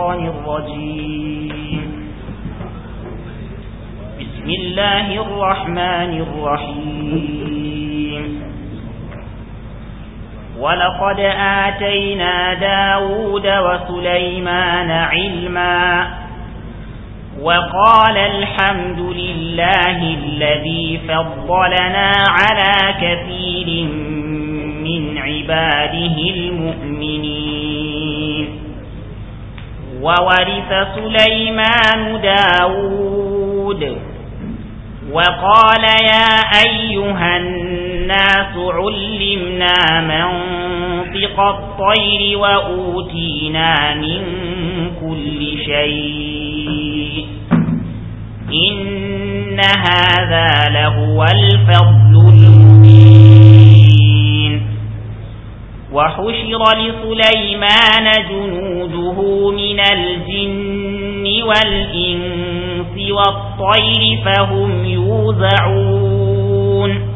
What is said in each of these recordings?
الشيطان الرجيم بسم الله الرحمن الرحيم ولقد آتينا داود وسليمان علما وقال الحمد لله الذي فضلنا على كثير من عباده المؤمنين وورث سليمان داود وقال يا أيها الناس علمنا منطق الطير وأوتينا من كل شيء إن هذا لهو الفضل المبين وحشر لسليمان جنوده من الجن والإنس والطير فهم يوزعون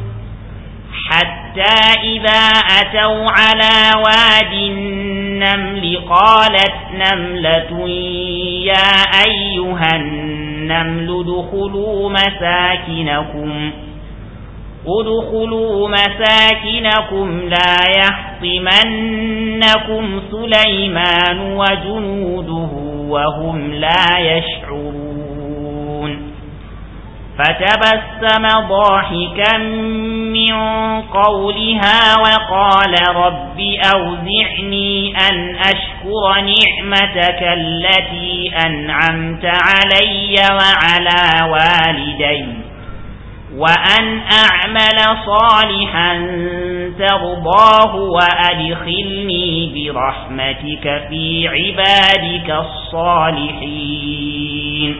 حتى إذا أتوا على واد النمل قالت نملة يا أيها النمل دخلوا مساكنكم ادخلوا مساكنكم لا يحطمنكم سليمان وجنوده وهم لا يشعرون فتبسم ضاحكا من قولها وقال رب أوزعني أن أشكر نعمتك التي أنعمت علي وعلى والديك وأن أعمل صالحا ترضاه وأدخلني برحمتك في عبادك الصالحين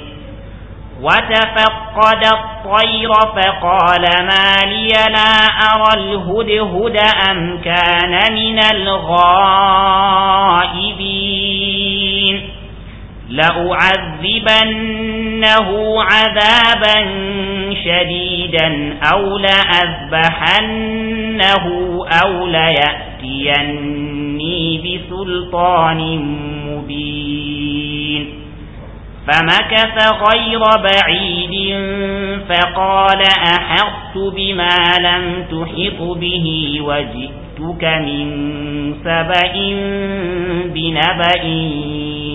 وتفقد الطير فقال ما لي لا أرى الهدهد أم كان من الغائبين لأعذبنه عذابا شديدا أو لأذبحنه أو ليأتيني بسلطان مبين فمكث غير بعيد فقال أحط بما لم تحط به وجئتك من سبأ بنبأ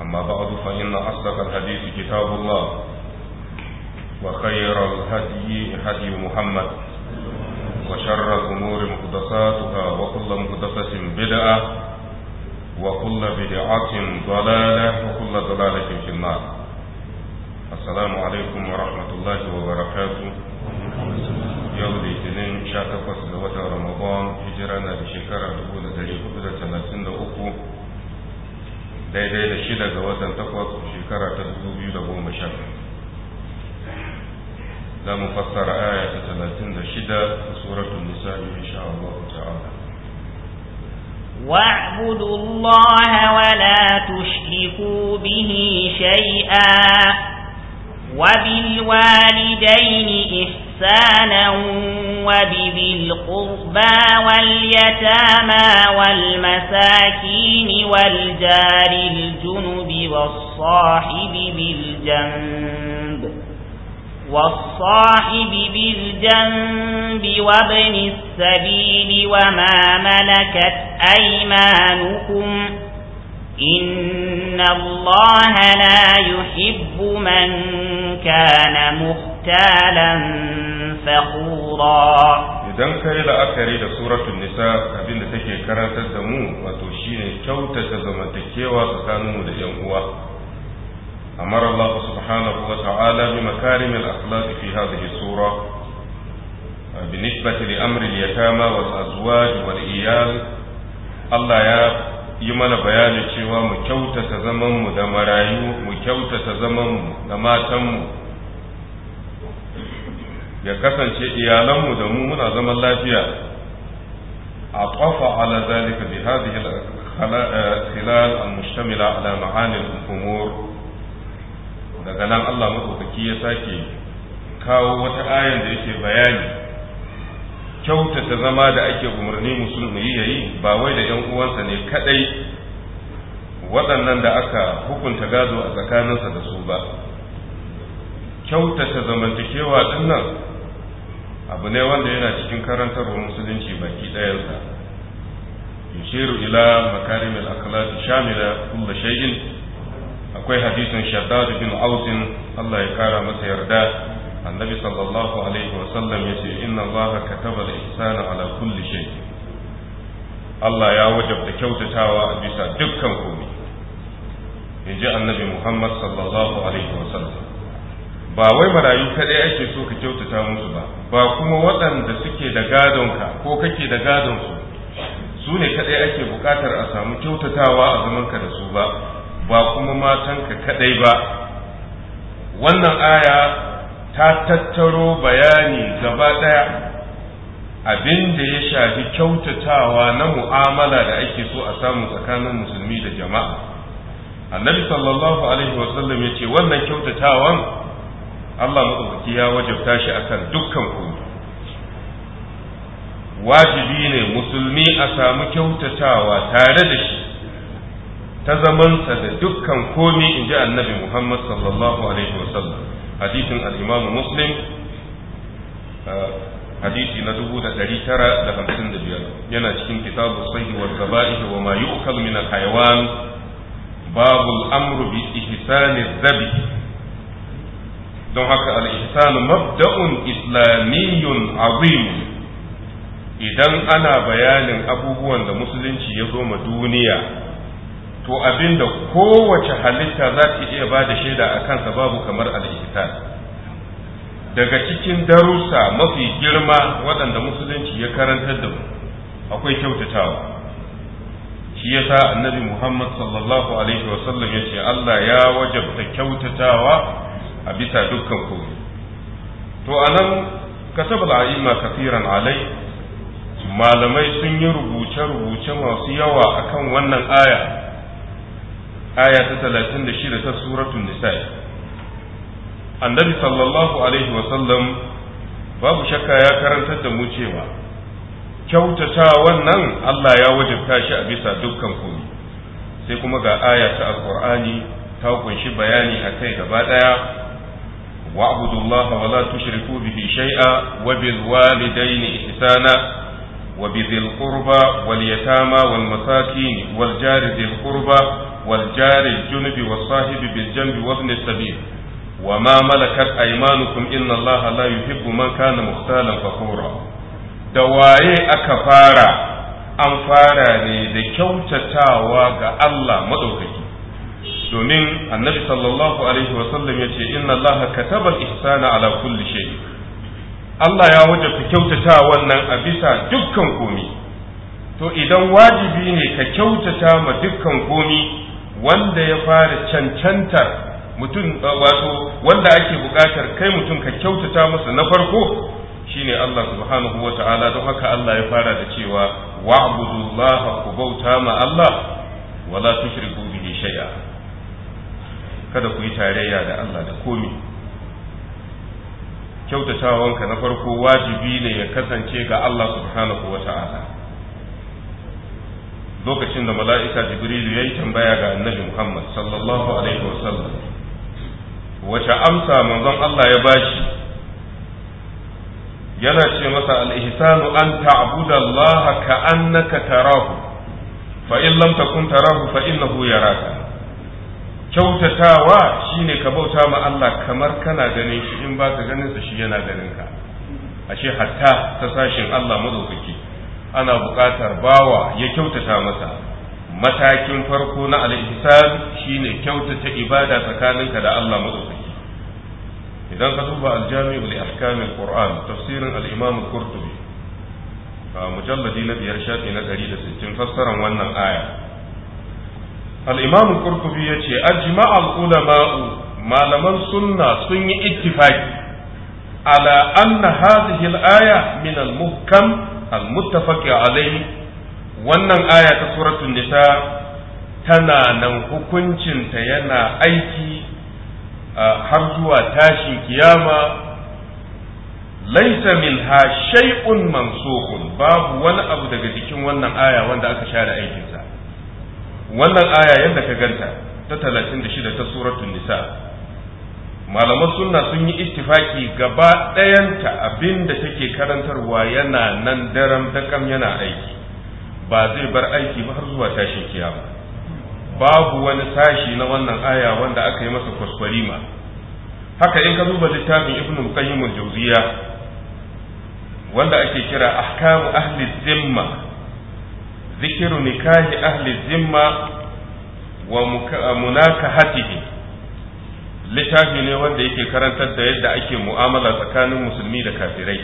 أما بعد فإن أصدق الحديث كتاب الله وخير الهدي هدي محمد وشر الأمور محدثاتها وكل محدثة بدعة وكل بدعة ضلالة وكل ضلالة في النار السلام عليكم ورحمة الله وبركاته yau litinin 18 ga watan ramadan hijira na da shekara 1433 daidai da shida ga watan takwas shekara ta dubu biyu da goma sha za mu fassara aya ta talatin da shida a suratun nisa insha Allah ta'ala واعبدوا الله ولا تشركوا به شيئا وبالوالدين إحسانا إحسانا وبذي القربى واليتامى والمساكين والجار الجنب والصاحب بالجنب والصاحب بالجنب وابن السبيل وما ملكت أيمانكم إن الله لا يحب من كان مخطئا قتالا فخورا idan ka yi la'akari da suratun nisa abin da take karantar da mu wato shine kyautata zamantakewa tsakaninmu da yan uwa amara Allah subhanahu wa ta'ala bi makarim al-akhlaq fi hadhihi sura بالنسبة لأمر اليتامى والأزواج والإيال Allah ya yi mana bayanin cewa mu kyautata zamanmu da marayu mu kyautata zamanmu da matanmu ya kasance iyalanmu da mu muna zaman lafiya a ƙafa ala zalika bi hadhihi al-khilal eh, al-mushtamila ala ma'ani al-umur daga nan Allah madaukaki ya sake kawo wata ayan da yake bayani kyautata zama da ake umarni musulmi yayi ba wai da yan uwansa ne kadai waɗannan da aka hukunta gado a tsakaninsa da su ba kyautata zamantakewa dinnan nan abu ne wanda yana cikin karantarwa musulunci baki ɗayansa yushiru ila makarim al-akhlaq shamila kullu shay'in akwai hadisin shaddad bin ausin Allah ya kara masa yarda annabi sallallahu alaihi wa sallam yace inna allaha kataba al da ala kulli shay Allah ya wajabta kyautatawa a bisa dukkan komai inji annabi Muhammad sallallahu alaihi wa sallam ba wai marayu kaɗai ake so ka kyautata musu ba ba kuma waɗanda suke da gadonka ko kake da gadonsu su ne kaɗai ake buƙatar a samu kyautatawa a zamanka da su ba ba kuma matanka kaɗai ba wannan aya ta tattaro bayani gaba ɗaya abin da ya shafi kyautatawa na mu'amala da ake so a samu tsakanin musulmi da jama'a annabi sallallahu alaihi wasallam ya ce wannan kyautatawan Allah maɗaukaki ya wajabta shi akan dukkan komai wajibi ne musulmi a samu kyautatawa tare da shi ta zamansa da dukkan komi in ji annabi Muhammad sallallahu alaihi wasallam hadisin al muslim uh, hadisi na dubu da tara da hamsin da biyar yana cikin kitabu sahi wa zaba'ihi wa ma yu'kal min al-hayawan babul amru bi ihsani dhabihi don haka al-ihsan mabda'un islamiyyun azim idan ana bayanin abubuwan da musulunci ya zo ma duniya to abin da kowace halitta za ta iya ba da shaida a kansa babu kamar al-ihsan daga cikin darussa mafi girma waɗanda musulunci ya karantar da mu akwai kyautatawa shi yasa annabi muhammad sallallahu alaihi wasallam ya ce allah ya wajabta kyautatawa a bisa dukkan komi to nan kasabul a'imma kafiran alai malamai sun yi rubuce-rubuce masu yawa akan wannan aya aya ta talatin da shida ta suratun nisa'i annabi sallallahu alaihi wasallam babu shakka ya karanta da mu cewa kyautata wannan Allah ya wajabta shi a bisa dukkan komi sai kuma ga aya ta alkur'ani ta kunshi bayani a kai gaba ɗaya واعبدوا الله ولا تشركوا به شيئا وبالوالدين إحسانا وبذي القربى واليتامى والمساكين والجار ذي القربى والجار الجنب والصاحب بالجنب وابن السبيل وما ملكت أيمانكم إن الله لا يحب من كان مختالا فخورا دواye aka fara an fara ne da kyautatawa ga Allah maɗaukaki domin annabi sallallahu alaihi wasallam ya ce inna allaha kataba ihsana ala kulli shay Allah ya wajabta kyautata wannan a bisa dukkan komi to idan wajibi ne ka kyautata ma dukkan komi wanda ya fara cancantar mutum wato wanda ake bukatar kai mutum ka kyautata masa na farko shine Allah subhanahu wa ta'ala don haka Allah ya fara da cewa wa'budullaha ku bauta ma Allah wala tushriku bihi shay'a kada ku yi tarayya da Allah da komi kyautatawanka na farko wajibi ne ya kasance ga Allah subhanahu wa ta'ala lokacin da mala'ika jibrilu ya yi tambaya ga annabi Muhammad sallallahu alaihi sallam, wace amsa manzon Allah ya bashi yana ce masa al'ihisanu an ta'abuda Allah ka annaka tarahu fa in lam takun tarahu fa innahu yaraka kyautatawa shi ne ka bauta ma Allah kamar kana ganin shi in baka ganin sa shi yana ganin ka ashe hatta ta sashin Allah mazaukaki ana buƙatar bawa ya kyautata masa matakin farko na al-ihsan shine kyautata ibada tsakaninka da Allah mazaukaki idan ka duba al-jami'u li ahkam tafsirin al-imam al-qurtubi mujalladi na biyar shafi na 160 fassaran wannan aya al-imam qurtubi yace ajma'a al-ulama'u malaman sunna sun yi ittifaqi ala anna hadhihi al-aya min al-muhkam al-muttafaqi wannan aya ta suratul nisa tana nan hukuncinta yana aiki har zuwa tashin kiyama laisa minha shay'un mansukun babu wani abu daga jikin wannan aya wanda aka share aikin wannan aya yadda ka ganta ta talatin da shida ta suratun nisa malaman sunna sun yi istifaki gaba ɗayanta abin da take karantarwa yana nan daren dakam yana aiki ba zai bar aiki ba har zuwa tashin Ba babu wani sashi na wannan aya wanda aka yi masa kwaskwarima haka in ka zuba littafin ibn qayyim al-jawziya wanda ake kira ahkamu ahli zimma zikiru nikahi ahli zimma wa munakahatihi littafi ne wanda yake karantar da yadda ake mu'amala tsakanin musulmi da kafirai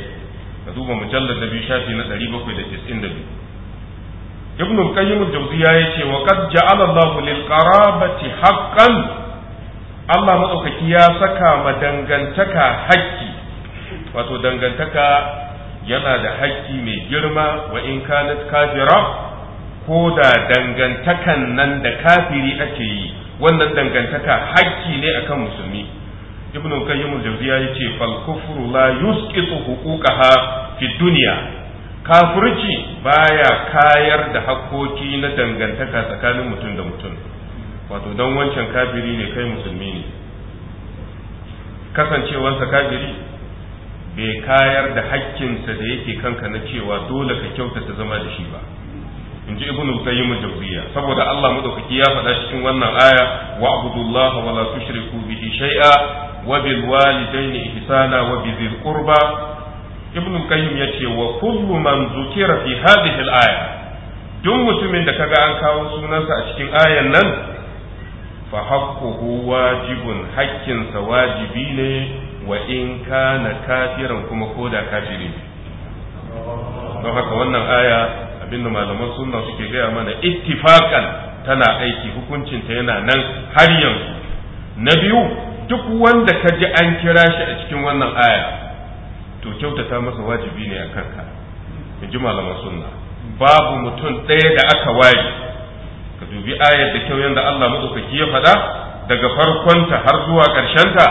ka duba mujallar da biyu shafi na biyu. ibn al-qayyim al-jawziya yace wa qad ja'ala Allah lil qarabati haqqan Allah madaukaki ya saka ma dangantaka haƙƙi wato dangantaka yana da haƙƙi mai girma wa in kanat kafira ko da dangantakan nan da kafiri ake yi wannan dangantaka hakki ne akan musulmi ibn qayyim al-jawziya yace fal kufru la yusqitu huquqaha fi dunya kafirci baya kayar da hakkoki na dangantaka tsakanin mutum da mutum wato dan wancan kafiri ne kai musulmi ne kasancewarsa kafiri bai kayar da hakkinsa da yake kanka na cewa dole ka kyautata zama da shi ba in ji ibnu qayyim jawziya saboda Allah madaukaki ya faɗa cikin wannan aya wa abudullah wa la tushriku bihi shay'a wa bil walidayni ihsana wa bi dhil qurba ibnu qayyim yace wa kullu man zukira fi hadhihi al aya duk mutumin da kaga an kawo sunansa a cikin ayan nan fa haqquhu wajibun haƙƙinsa wajibi ne wa in kana kafiran kuma koda kafiri don haka wannan aya abinda malaman sunna suke gaya mana ittifaqan tana aiki hukuncinta yana nan har yanzu na biyu duk wanda ka ji an kira shi a cikin wannan aya to kyautata masa wajibi ne a kanka in ji malaman sunna babu mutum ɗaya da aka waye ka dubi ayar da kyau yadda Allah madaukaki ya faɗa daga farkonta har zuwa ƙarshenta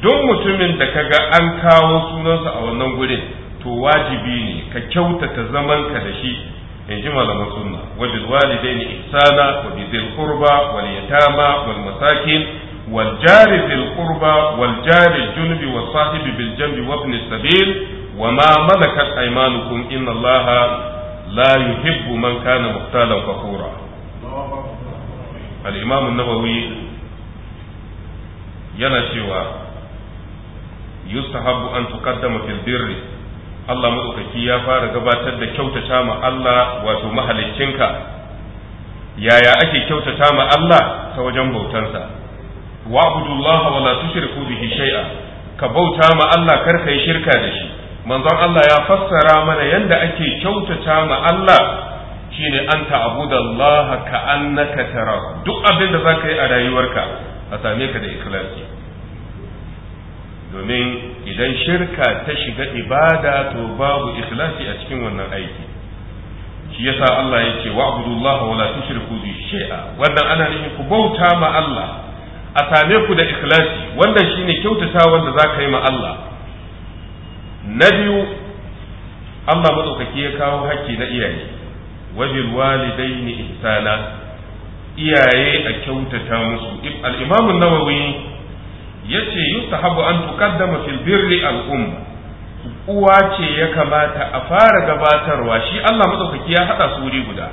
duk mutumin da kaga an kawo sunansa a wannan gurin to wajibi ne ka kyautata zamanka da shi in ji malaman sunna wajen walidai ne ihsana wa bi zil wal yatama wal masakin wal jari zil qurba wal jari junubi was sahibi bil jambi wa ibn sabil wa ma malakat aymanukum inna allaha la yuhibbu man kana muqtalan fakhura al imam an-nawawi yana cewa yustahabbu an tuqaddama fil birri Allah maɗaukaki ya fara gabatar da kyautata ma Allah wato mahalicinka yaya ake kyautata ma Allah ta wajen bautansa wa abudullah wa la tushriku bihi shay'a ka bauta ma Allah kar yi shirka da shi manzon Allah ya fassara mana yanda ake kyautata ma Allah shine an ta'budallaha ka annaka tarahu duk abin da zaka yi a rayuwarka a same ka da ikhlasi domin idan shirka ta shiga ibada to babu ikhlasi a cikin wannan aiki shi yasa Allah ya ce wa'budullaha wala tushriku bi shay'a wannan ana nufin ku bauta ma Allah a same ku da ikhlasi wannan shine kyautata wanda zaka yi ma Allah na biyu Allah madaukaki ya kawo hakki na iyaye wabil walidaini ihsana iyaye a kyautata musu al-imamu nawawi yace yustahabu an tuqaddama fil birri al umma uwa ce ya kamata a fara gabatarwa shi Allah madaukaki ya hada su wuri guda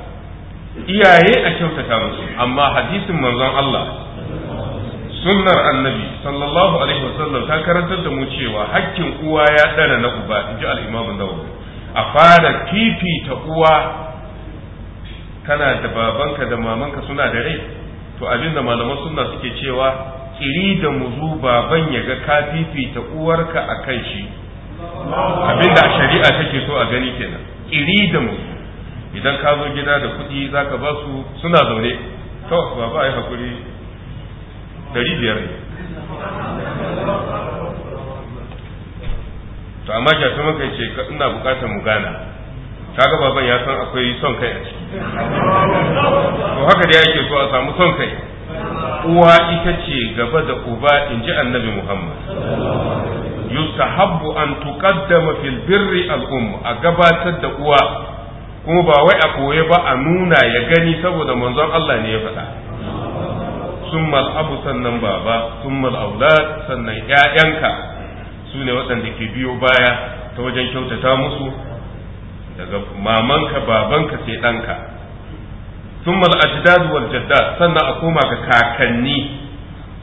iyaye a kyautata musu amma hadisin manzon Allah sunnar annabi sallallahu alaihi wasallam ta karantar da mu cewa hakkin uwa ya dara na uba inji al imamu a fara fifita uwa kana da babanka da mamanka suna da rai to abinda malaman sunna suke cewa kiri da muzu baban ya ga ka fifita uwarka a kan shi abinda a shari'a take so a gani kenan kiri da muzu idan ka zo gida da kuɗi za ka ba su suna zaune to baba yi hakuri dari biyar ne to amma shi ta maka ce ina bukatar mu gana kaga baban ya san akwai son kai a ciki to haka da yake so a samu son kai uwa ita ce gaba da uba in ji annabi Muhammad. yustahabbu an tuqaddama fil birri al um, a gabatar da uwa kuma ba wai a koye ba a nuna ya gani saboda manzon Allah ne ya faɗa summa al-abu sannan baba summa al-aulad sannan ƴaƴanka su ne waɗanda ke biyo baya ta wajen kyautata musu daga mamanka babanka sai ɗanka summal sannan a koma ga kakanni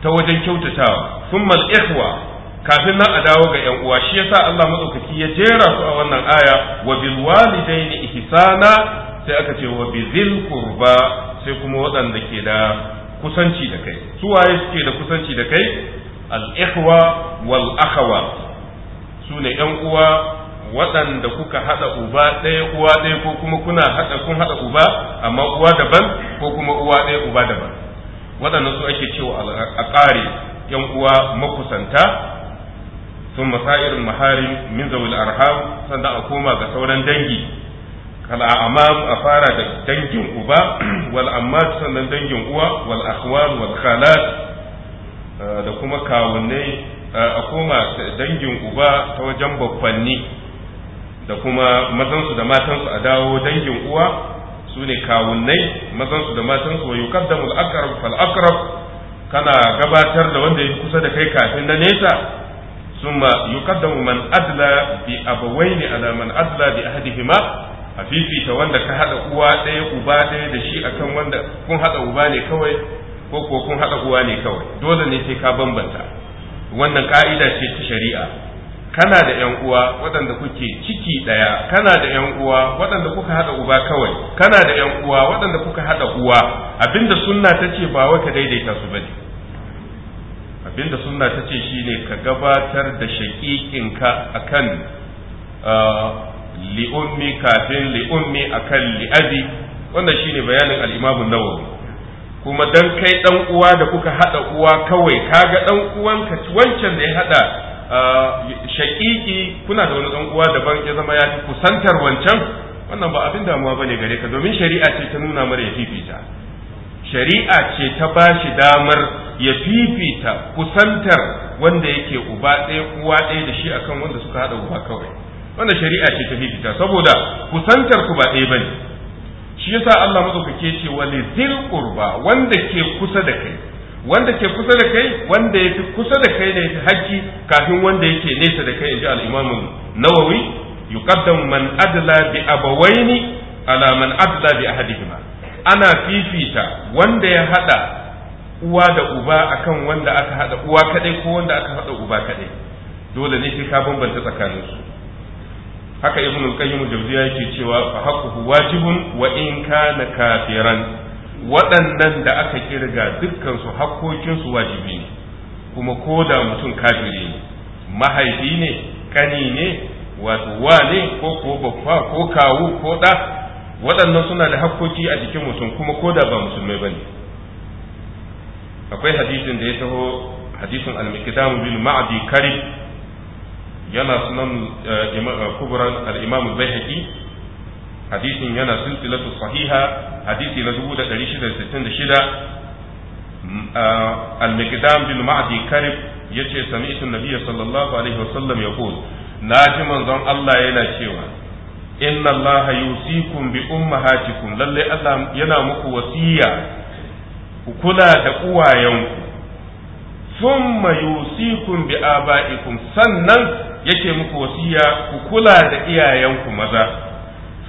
ta wajen kyautatawa summal ihwa kafin na a dawo ga yan uwa shi yasa Allah madaukaki ya jera su a wannan aya wa bil walidaini sai aka ce wa bizil sai kuma waɗanda ke da kusanci da kai su waye suke da kusanci da kai al ikhwa wal akhawa su ne yan uwa waɗanda kuka haɗa uba ɗaya uwa ɗaya ko kuma kuna haɗa kun haɗa uba amma uwa daban ko kuma uwa ɗaya uba daban waɗannan su ake cewa a ƙare yan uwa makusanta sun masairin maharin min zawil arham sannan a koma ga sauran dangi kala amam a fara da dangin uba wal amma sannan dangin uwa wal akhwan wal khalat eh, da kuma kawunnai eh, a koma dangin uba ta wajen babbanni da kuma mazansu da matansu a dawo dangin uwa su ne kawunnai mazansu da matansu wa yuqaddamu al-aqrab fal kana gabatar da wanda yake kusa da kai kafin na nesa summa yuqaddamu man adla bi abawaini ala man adla bi ahadihima a fifita wanda ka hada uwa ɗaya uba ɗaya da shi akan wanda kun hada uba ne kawai ko ko kun hada uwa ne kawai dole ne sai ka bambanta wannan ka'ida ce ta shari'a kana da yan uwa waɗanda kuke ciki ɗaya kana da yan uwa waɗanda kuka haɗa uba kawai kana da yan uwa waɗanda kuka haɗa uwa abinda sunna ta ce ba wai ka daidaita su bane abinda sunna ta ce shine ka gabatar da ka akan eh, li'ummi kafin li'ummi akan li'abi wannan shine bayanin al-Imam nawawi kuma dan kai dan uwa da kuka haɗa uwa kawai kaga ɗan uwanka wancan da ya haɗa Ah, shaƙiƙi kuna da wani ɗan uwa daban ya zama ya fi kusantar wancan wannan ba abin damuwa bane gare ka domin shari'a ce ta nuna mara ya fifita shari'a ce ta ba shi damar ya fifita kusantar wanda yake uba ɗaya uwa ɗaya da shi akan wanda suka haɗa uba kawai wannan shari'a ce ta fifita saboda kusantar ku ba ɗaya bane shi yasa Allah madaukake ce wani zil kurba wanda ke kusa da kai wanda ke kusa da kai wanda ya fi kusa da kai da ya fi haƙƙi kafin wanda yake nesa da kai in ji al'imamun nawawi yuqaddam man adla bi abawaini ala man adla bi ahadihima ana fifita wanda ya haɗa uwa da uba akan wanda aka haɗa uwa kaɗai ko wanda aka haɗa uba kaɗai. dole ne sai ka bambanta tsakanin su haka ibnu qayyim jawziya yake cewa fa haqquhu wajibun wa in kana kafiran waɗannan da aka kirga dukkansu hakkokinsu wajibi ne kuma ko da mutum kafiri ne mahaifi ne kani ne wato wane ko ko babba ko kawu ko ɗa waɗannan suna da hakkoki a jikin mutum kuma ko da ba musulmai ba ne akwai hadisin da ya taho hadisin al mikdam bil ma'di karib yana sunan eh, kubran al-imam al bayhaqi hadisin yana silsilatu sahiha hadisi na 1666 mm, al-miqdam bin ma'di karib yace sami'tu nabiyya sallallahu alaihi wasallam yaqul naji manzon Allah yana cewa inna Allah yusikum bi ummahatikum lalle Allah yana muku wasiya ku kula da uwayenku thumma yusikum bi aba'ikum sannan yake muku wasiya ku kula da iyayenku maza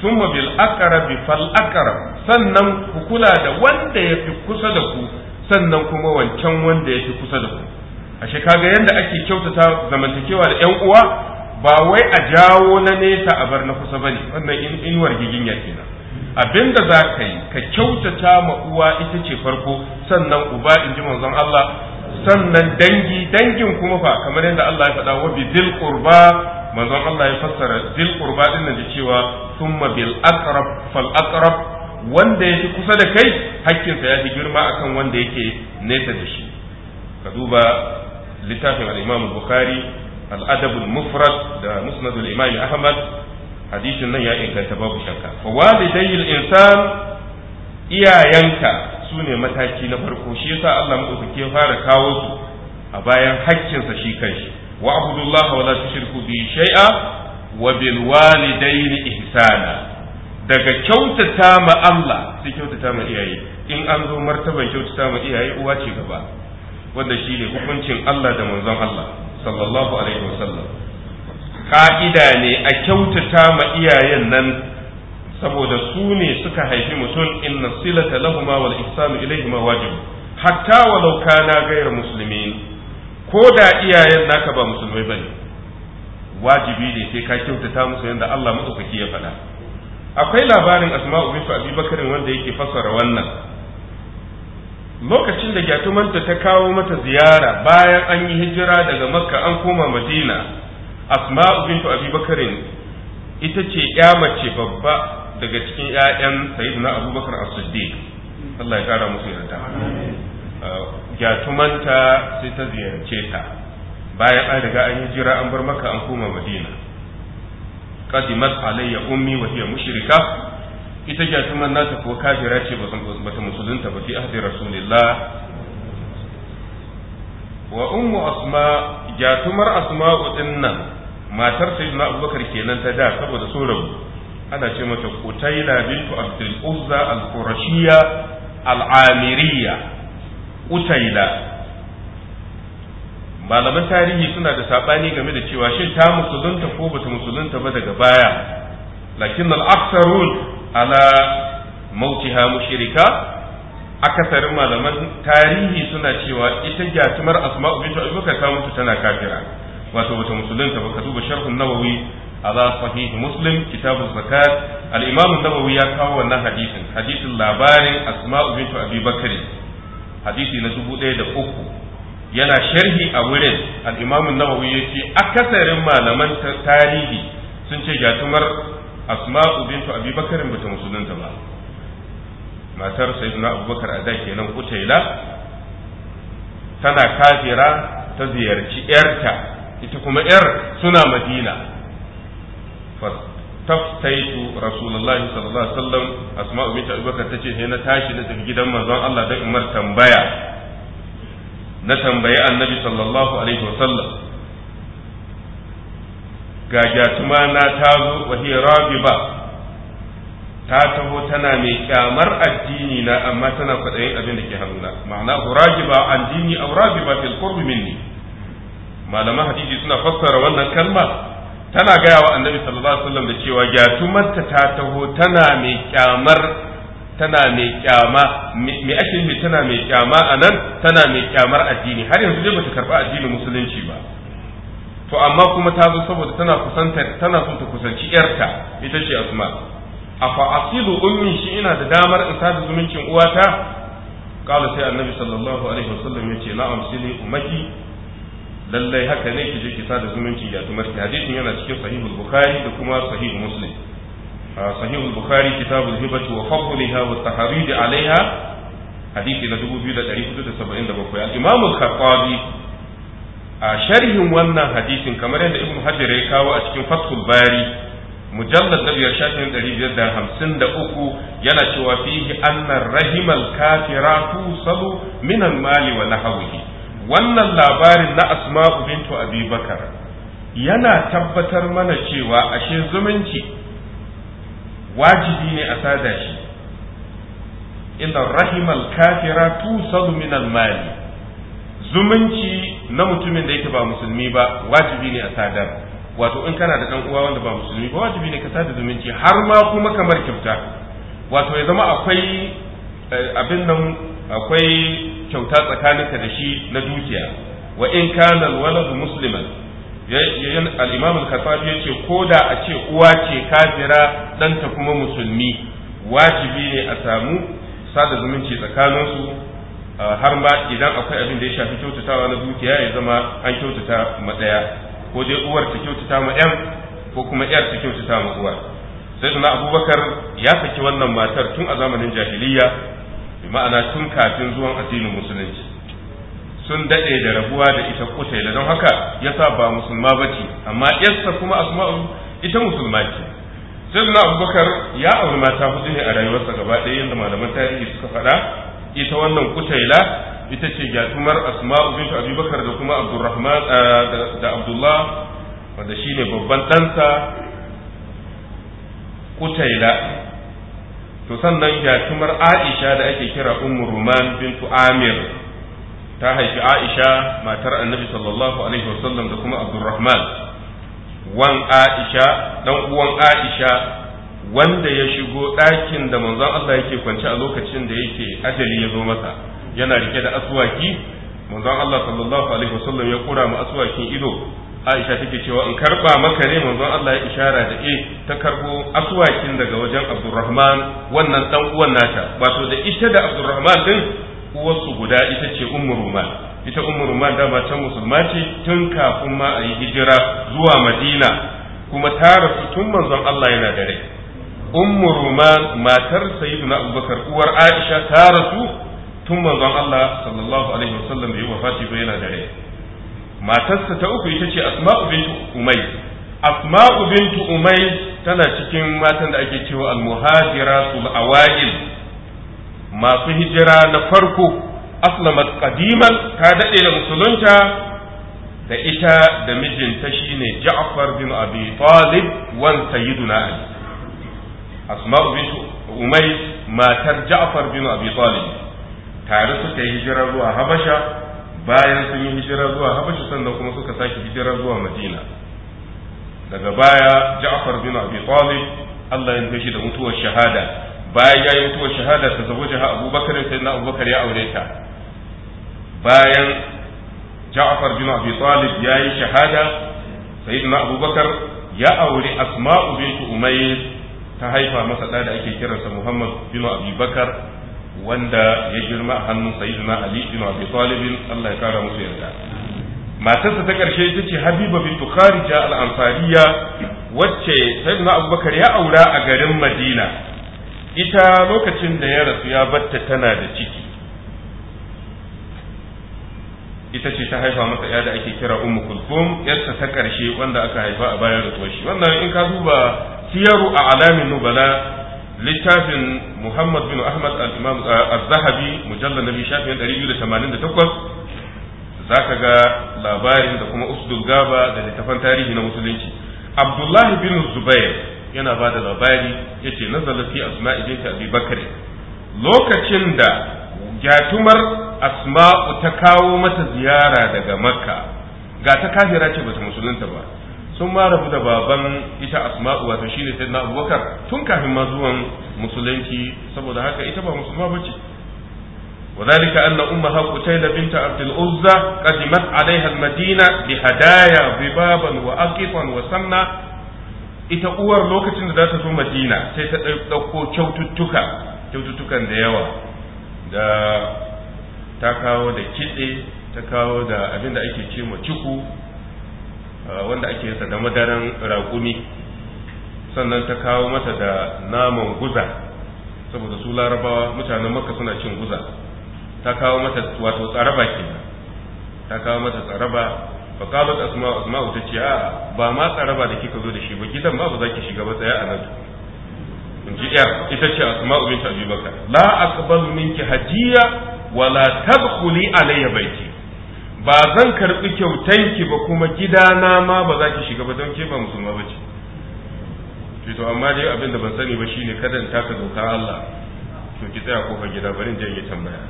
thumma bil aqrabi fal aqrab sannan ku kula da wanda yafi kusa da ku sannan kuma wancan wanda yafi kusa da ku ashe kaga yadda ake kyautata zamantakewa da ƴan uwa ba wai a jawo na nesa a bar na kusa bane wannan inuwar giginya kenan abinda za ka yi ka kyautata ma uwa ita ce farko sannan uba in ji manzon Allah sannan dangi dangin kuma fa kamar yadda Allah ya faɗa wa bil qurba manzon Allah ya fassara bil qurba din da cewa thumma bil aqrab fal aqrab wanda yake kusa da kai hakkinsa ya fi girma akan wanda yake nesa da shi ka duba littafin al-Imam Bukhari al-Adab al-Mufrad da Musnad al-Imam Ahmad hadisin nan ya inganta babu shanka fa walidayil insan iyayenka su ne mataki na farko shi yasa Allah maɗaukaki ya fara kawo su a bayan hakkinsa shi kanshi wa abdullah wa la tushriku bi shay'a wa daga kyautata ma Allah sai kyautata ma iyaye in an zo martaban kyautata ma iyaye uwa ce gaba wanda shine hukuncin Allah da manzon Allah sallallahu alaihi wasallam ka'ida ne a kyautata ma iyayen nan saboda su ne suka haifi mutum inna silata lahuma wal ihsanu ilayhima wajib hatta walau kana gayar muslimin ko da iyayen naka ba musulmai bane wajibi ne sai ka kyautata musu yadda Allah madaukaki ya faɗa akwai labarin asma'u bintu abubakarin wanda yake fassara wannan lokacin da gyatumanta ta kawo mata ziyara bayan an yi hijira daga makka an koma madina asma'u bintu abubakarin ita ce ya mace babba daga cikin ƴaƴan sayyidina abubakar as-siddiq Allah ya kara musu yarda gyatumanta sai ta ziyarce ta bayan an riga an yi jira an bar maka an koma madina qadimat alayya ummi wa hiya mushrika ita gyatuman nata ko kafira ce ba ta musulunta ba fi ahdi rasulillah wa ummu asma gyatumar asma'u dinnan matar sayyidina abubakar kenan ta da saboda sun rabu ana ce mata qutayla bintu abdul uzza al-qurashiyya al-amiriyya Utaida, malaman tarihi suna da sabani game da cewa shin ta musulunta ko bata musulunta ba daga baya lakin al-aktharun ala mautiha mushrika akasarin malaman tarihi suna cewa ita jatumar asma'u Bintu abubakar ta mutu tana kafira wato bata musulunta ba ka duba sharhun nawawi ala sahih muslim kitabuz zakat al-imam an-nawawi ya kawo wannan hadisin hadisin labarin asma'u Bintu abubakar hadisi na dubu ɗaya da uku yana sharhi a wurin al'imamun nawawi ya ce akasarin malaman tarihi sun ce jatumar asma'u bintu abubakarin bata musulunta ba matar na abubakar a da kenan kutaila tana kafira ta ziyarci yarta ita kuma yar suna madina taftaitu rasulullahi sallallahu alaihi wasallam asma'u bint bakr tace sai na tashi na tafi gidan manzon Allah dan Umar tambaya na tambayi annabi sallallahu alaihi wasallam ga jatuma na tazo wa hiya rabiba ta taho tana mai kyamar addini na amma tana kwaɗayin abin da ke hannuna ma'ana ragiba addini aw ragiba fil qurb minni malama hadisi suna fassara wannan kalma tana gaya wa annabi sallallahu alaihi wasallam da cewa gyatumarta ta taho tana mai kyamar tana mai kyama mai ake mai tana mai kyama a nan tana mai kyamar addini har yanzu dai bata karba addinin musulunci ba to amma kuma ta zo saboda tana kusanta tana so ta kusanci yarta ita ce asma fa asilu ummi shi ina da damar in sada zumuncin uwata qala sai annabi sallallahu alaihi wasallam yace na'am sili umaki lallai haka ne ki je ki sada zumunci ya tumar ki hadisin yana cikin sahihul bukhari da kuma sahih muslim sahihul bukhari kitabul hibati wa fadliha wa tahrid alaiha hadisi na 2477 al-imam al-khattabi a sharhin wannan hadisin kamar yadda ibnu hajar ya kawo a cikin fathul bari mujallad na shafin ɗari biyar da hamsin da uku yana cewa fihi annar rahimal kafiratu sabu minan mali wa nahawihi wannan labarin na asma'u bintu abi bakar yana tabbatar mana cewa ashe zumunci wajibi ne a sada shi illa rahimal kafira tusadu min mali. zumunci na mutumin da yake ba musulmi ba wajibi ne a sadar wato in kana da dan uwa wanda ba musulmi ba wajibi ne ka sada zumunci har ma kuma kamar kyauta wato ya zama akwai eh, abin nan akwai kyauta tsakaninka da shi na dukiya wa in kana alwalad musliman yayin al-imam al khatabi yace koda a ce uwa ce kafira danta kuma musulmi wajibi ne a samu sada zumunci tsakaninsu har ma idan akwai abin da ya shafi kyautatawa na dukiya ya zama an kyautata ma daya ko dai uwar ta kyautata ma yan ko kuma yar ta kyautata ma uwa sai abubakar ya saki wannan matar tun a zamanin jahiliya ma'ana tun kafin zuwan addinin musulunci sun daɗe da rabuwa da ita da don haka ya sa ba musulma bace amma yasa kuma asma'u ita musulma ce sai na abubakar ya auri mata hudu ne a rayuwarsa gaba ɗaya yadda malaman tarihi suka faɗa ita wannan kutaila ita ce gyatumar asma'u bintu abubakar da kuma abdurrahman da abdullah wanda shine babban ɗansa kutaila to sannan kamar aisha da ake kira ummu ruman bintu amir ta haifi aisha matar annabi sallallahu alaihi wasallam da kuma abdurrahman wan aisha dan uwan aisha wanda ya shigo ɗakin da manzon Allah yake kwance a lokacin da yake ajali ya zo masa yana rike da aswaki manzon Allah sallallahu alaihi wasallam ya kura mu aswakin ido aisha take cewa in karba maka ne manzon Allah ya ishara da e ta karbo aswakin daga wajen Abdurrahman wannan dan uwan nata wato da ita da Abdurrahman din uwarsu guda ita ce Ummu Ruman ita Ummu Ruman da ta musulma ce tun kafin ma a yi hijira zuwa Madina kuma ta rasu tun manzon Allah yana da rai Ummu Ruman matar Sayyidina Abubakar uwar Aisha ta rasu tun manzon Allah sallallahu alaihi wasallam bai wafati ba yana da rai matarsa ta uku ita ce asma'u bintu Umai. asma'u bintu Umai tana cikin matan da ake cewa al a awa'il masu hijira na farko aslamat qadiman ta dade da musulunta da ita da mijinta shine Ja'far bin Abi Talib wan sayyiduna Ali asma'u bintu Umai matar Ja'far bin Abi Talib tare suka yi hijira zuwa Habasha bayan sun yi hijira zuwa habashi sannan kuma suka sake hijira zuwa madina daga baya ja'far bin abi talib Allah ya yi shi da mutuwar shahada bayan ya yi mutuwar shahada ta zabo jiha abubakar sai na abubakar ya aure ta bayan ja'far bin abi talib ya yi shahada na abubakar ya aure asma'u bintu umayyah ta haifa masa da ake kiransa muhammad bin abi bakar wanda ya girma a hannun sayyidina ali bin abi talib Allah ya kara musu yarda matarsa ta karshe ita ce habiba bintu kharija al-ansariya wacce sayyidina abubakar ya aura a garin madina ita lokacin da ya rasu ya batta tana da ciki ita ce ta haifa masa ya da ake kira ummu kulkum yarsa ta karshe wanda aka haifa a bayan rasuwar shi wannan in ka duba siyaru a alamin nubala littafin Muhammad bin Ahmad al-Imam eh, al zahabi mujallal nabi shafin 288 zaka ga labarin da kuma usdul gaba da littafan tarihi na musulunci Abdullah bin Zubair yana ba da labari yace nazala fi asma'i binti Abi Bakr lokacin da gatumar Asma'u ta kawo mata ziyara daga Makka ga ta kafira ce bata musulunta ba sun ma rabu da baban ita asma'u wato shine na abubakar tun kafin ma zuwan musulunci saboda haka ita ba musulma bace وذلك أن أمها قتيلة بنت عبد العزى Kadimat, عليها Madina, بهدايا ضبابا وأقطا وسمنا ita uwar lokacin da za ta zo madina sai ta ɗauko kyaututtuka kyaututtukan da yawa da ta kawo da kitse ta kawo da abin da ake ce ciku wanda ake yasa da madaran raƙumi sannan ta kawo mata da naman guza saboda su larabawa mutanen makka suna cin guza ta kawo mata wato tsaraba ke ta kawo mata tsaraba fa asma asma'u asma'u ce a ba ma tsaraba da kika zo da shi ba gidan ma ba za ki shiga ba tsaya a nan in ji ya ita ce asma'u ta bi baka la aqbalu minki hajiya wala tadkhuli alayya baiti ba zan karɓi kyautanki ba kuma gidana ma ba za ki shiga ba don ke ba musulma ba ce to amma dai abin da ban sani ba shine kada in taka zauka Allah to ki tsaya kofar gida bari in je tambaya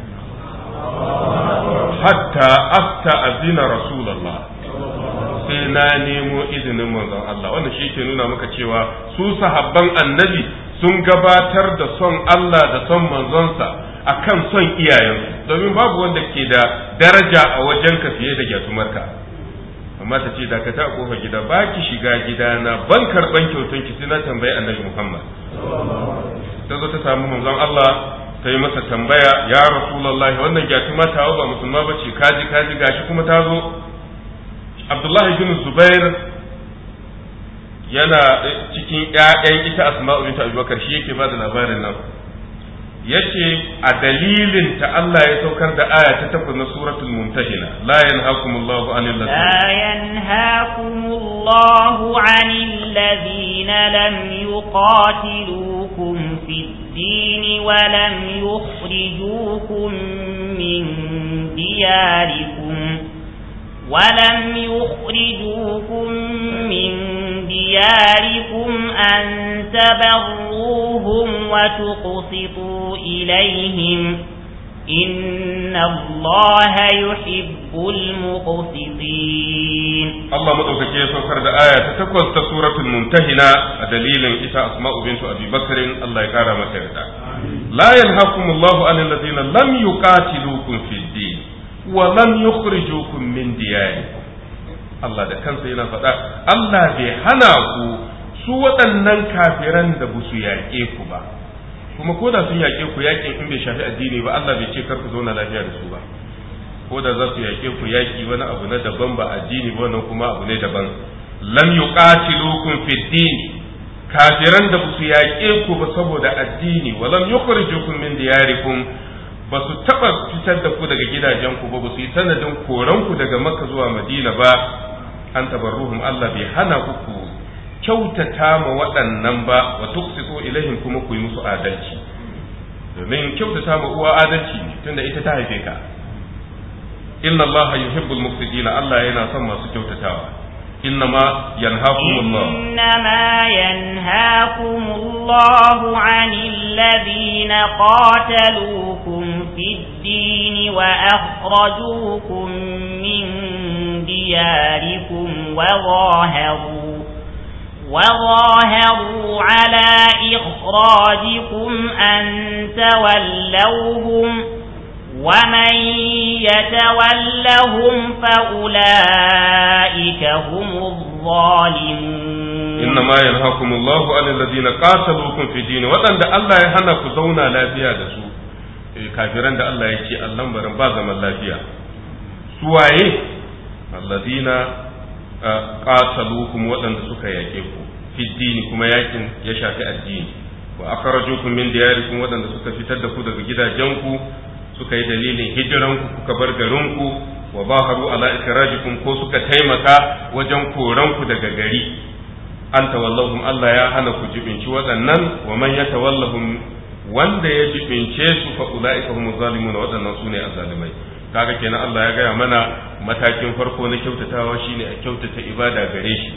hatta afta azina rasulullah sai na nemo izinin manzon Allah wannan shi ke nuna maka cewa su sahabban annabi sun gabatar da son Allah da son manzonsa akan son iyayensu domin babu wanda ke da daraja a wajen ka fiye da gyatumarka amma ta ce dakata a kofar gida ba ki shiga gida na ban karɓan kyautan ki sai na tambayi annabi Muhammad ta zo ta samu manzon Allah ta yi masa tambaya ya rasulallah, wannan gyatuma ta ba musulma ba ce kaji kaji gashi kuma ta zo abdullahi bin zubair yana cikin ƴaƴan ita asma'u bint abubakar shi yake ba da labarin nan yace a dalilin ta Allah ya saukar da aya ta tafi na suratul muntahina la yanhaakumullahu anil ladina la Allahu anil ladina lam yuqatilukum fid din wa lam yukhrijukum min diyarikum ولم يخرجوكم من دياركم أن تبروهم وتقسطوا إليهم إن الله يحب المقسطين الله مدعوك يا سوكر آية تتكوز سورة الممتهنة دليل إشاء أسماء بنت أبي بكر الله يكرم سيدا لا ينهاكم الله عن الذين لم يقاتلوكم في الدين wa lam yukhrijukum min diyarikum Allah da kansa yana faɗa Allah bai hana ku su waɗannan kafiran da ba su yaƙe ku ba kuma ko da sun yaƙe ku yaƙe in bai shafi addini ba Allah bai ce kar ku zauna lafiya da su ba ko da za su yaƙe ku yaƙi wani abu na daban ba addini ba wannan kuma abu ne daban lam yuqatilukum fi dini kafiran da ba su yaƙe ku ba saboda addini wa lam yukhrijukum min diyarikum ba su taɓa fitar da ku daga gidajenku ba ba su yi sanadin ku daga makka zuwa madina ba an tabarruhum Allah bai hana ku ku kyautata ma waɗannan ba wa tuqsitu ilaihim kuma ku yi musu adalci domin kyautata ma uwa adalci ne tunda ita ta haife ka inna Allah yuhibbul muqsitina Allah yana son masu kyautatawa إنما ينهاكم الله إنما ينهاكم الله عن الذين قاتلوكم في الدين وأخرجوكم من دياركم وظاهروا وظاهروا على إخراجكم أن تولوهم ومن يتولهم فأولئك هم الظالمون إنما ينهاكم الله عن الذين قاتلوكم في دين وأن الله يهنا كزونا لا زيادة kafiran da Allah ya ce Allah barin ba zama lafiya su waye alladina qatalukum waɗanda suka yaƙe ku fi kuma yakin ya shafi addini wa akhrajukum min diyarikum waɗanda suka fitar da ku daga gidajenku suka yi dalilin hijiranku kuka bar garinku wa baharu ala ikrajikum ko suka taimaka wajen koranku daga gari an tawallahum Allah ya hana ku jibinci waɗannan wa man yatawallahum wanda ya jibince su fa ulaika hum zalimun waɗannan sune azalimai kaga kenan Allah ya gaya mana matakin farko na kyautatawa shine a kyautata ibada gare shi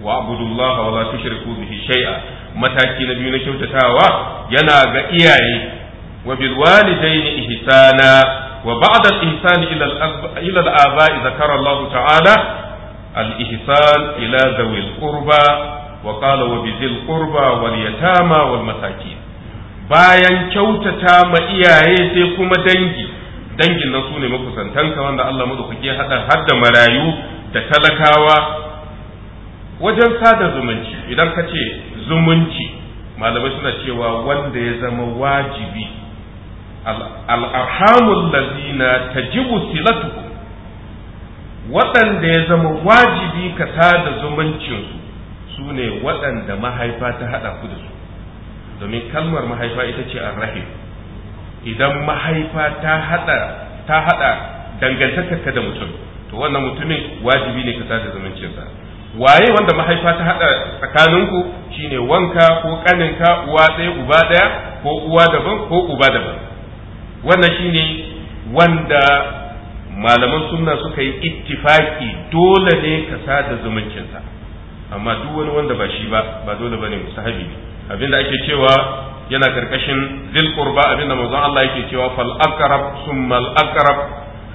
wa abudullaha wa la tushriku bihi shay'a mataki na biyu na kyautatawa yana ga iyaye wa bil walidayni ihsana wa ba'da al ihsan ila al aba'i zakara Allah ta'ala al ihsan ila zawi wa bayan kyautata ma iyaye sai kuma dangi dangin nan ne makusantanka wanda Allah madaukake ya haɗa hadda marayu da talakawa wajen sada zumunci idan ka ce zumunci malamai suna cewa wanda ya zama wajibi al'arhamun lazina ta ji silatuku waɗanda ya zama wajibi ka da zumuncinsu su ne waɗanda mahaifa ta haɗa ku da su domin kalmar mahaifa ita ce an rahim idan mahaifa ta haɗa ta haɗa dangantakarka da mutum to wannan mutumin wajibi ne ka sada zumuncinsa waye wanda mahaifa ta haɗa tsakaninku shine wanka ko kaninka uwa ɗaya uba ɗaya ko uwa daban ko uba daban wannan shine wanda malaman sunna suka yi ittifaki dole ne ka sada zumuncinsa amma duk wani wanda ba shi ba ba dole bane musahabi ne abinda ake cewa yana karkashin zil qurba abinda manzon Allah yake cewa fal aqrab summa al aqrab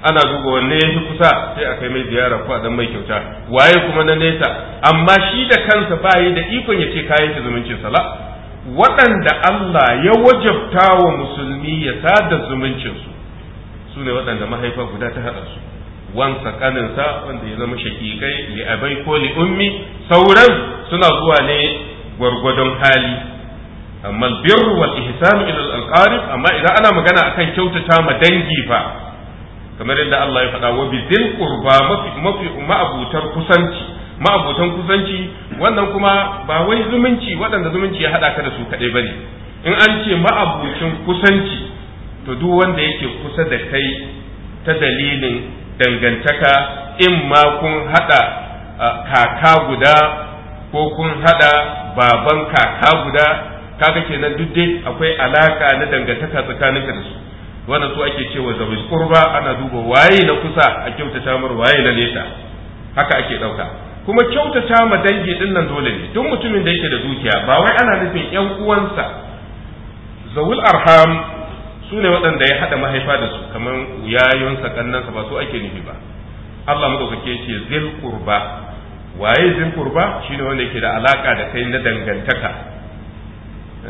ana duba wanne fi kusa sai a kai mai ziyara ko a dan mai kyauta waye kuma na nesa amma shi da kansa ba yi da ikon ya ce kayan zumuncin sala waɗanda Allah ya wajabta wa musulmi ya sada zumuncinsu su ne waɗanda mahaifa guda ta haɗa su wansa kaninsa wanda ya zama shakikai li abai ko li ummi sauran suna zuwa ne gwargwadon hali amma birru wal ihsanu ila al aqarib amma idan ana magana akan kyautata ma dangi fa kamar yadda Allah ya faɗa wa bi qurba mafi mafi ma'abutar kusanci ma'abotan kusanci wannan kuma ba wai zumunci waɗanda zumunci ya haɗa ka da su kaɗai ba ne in an ce ma'abucin kusanci to duk wanda yake kusa da kai ta dalilin dangantaka in ma kun haɗa kaka guda ko kun haɗa baban kaka guda kaka kenan duk dai akwai alaka na dangantaka tsakaninka da su wannan su ake cewa zabil kurba ana duba waye na kusa a kyautata mar waye na nesa haka ake ɗauka. kuma kyautata ma dangi din nan dole ne duk mutumin da yake da dukiya ba wai ana nufin yan uwansa zawul arham su ne waɗanda ya haɗa mahaifa da su kamar yayunsa kannansa ba su ake nufi ba Allah mu madaukake ce zil qurba waye zil qurba shine wanda yake da alaka da kai na dangantaka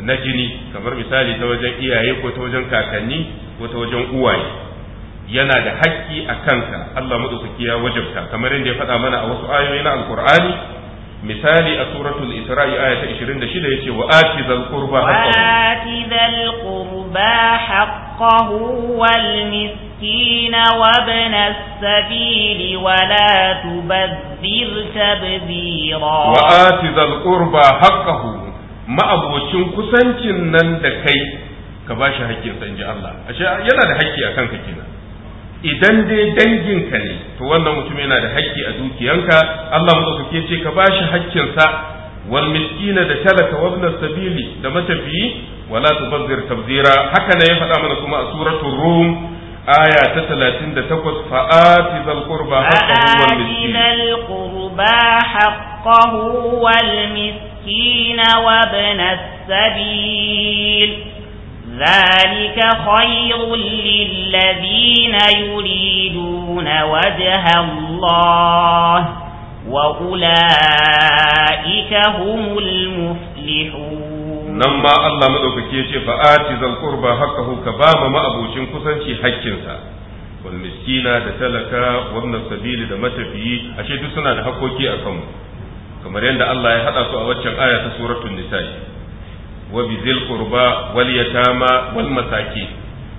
na jini kamar misali ta wajen iyaye ko ta wajen kakanni ko ta wajen uwaye yana da hakki a kanka Allah madaukaki ya wajabta kamar yadda ya faɗa mana a wasu ayoyi na alkur'ani misali a suratul isra'i aya ta 26 yace wa ati zal qurba haqqahu qurba haqqahu wal miskin wa ibn as-sabil wa la tubdhir tabdhira wa ati zal qurba haqqahu ma'abocin kusancin nan da kai ka bashi hakkin sa Allah ashe yana da hakki a kanka kenan idan dai danginka ne to wannan mutum yana da haƙƙi a dukiyanka Allah madaukake ce ka bashi haƙƙinsa wal miskina da talaka wa sabili da matafiyi wala tubazzir tabzira haka ne ya faɗa mana kuma a suratul rum aya ta 38 fa'ati zal qurba haqqahu wal miskin zal qurba haqqahu wal miskin wa sabil ذلك خير للذين يريدون وجه الله وأولئك هم المفلحون نما الله مدوك كيشي فآتي ذا القربى حقه كبام ما أبوشن كسنشي حكينسا والمسكينة تتلك وابن السبيل دمتفي أشيد سنة حقوكي أكم كما يند الله يحدث أولا آية سورة النساء wa bizil qurba wal yatama wal masaki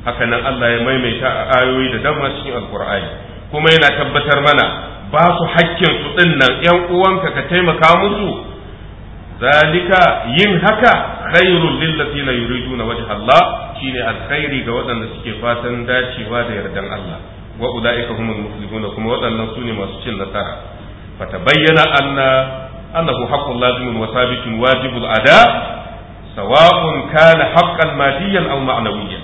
haka nan Allah ya maimaita a ayoyi da dama cikin alqur'ani kuma yana tabbatar mana basu hakkin su dinnan yan uwanka ka taimaka musu zalika yin haka khairul lil ladina yuriduna waje Allah shine alkhairi ga waɗanda suke fatan dacewa da yardan Allah wa ulaika humul muflihuna kuma waɗannan sune masu cin nasara fatabayyana anna annahu haqqul lazumin wa sabitun wajibul ada سواء كان حقا ماديا او معنويا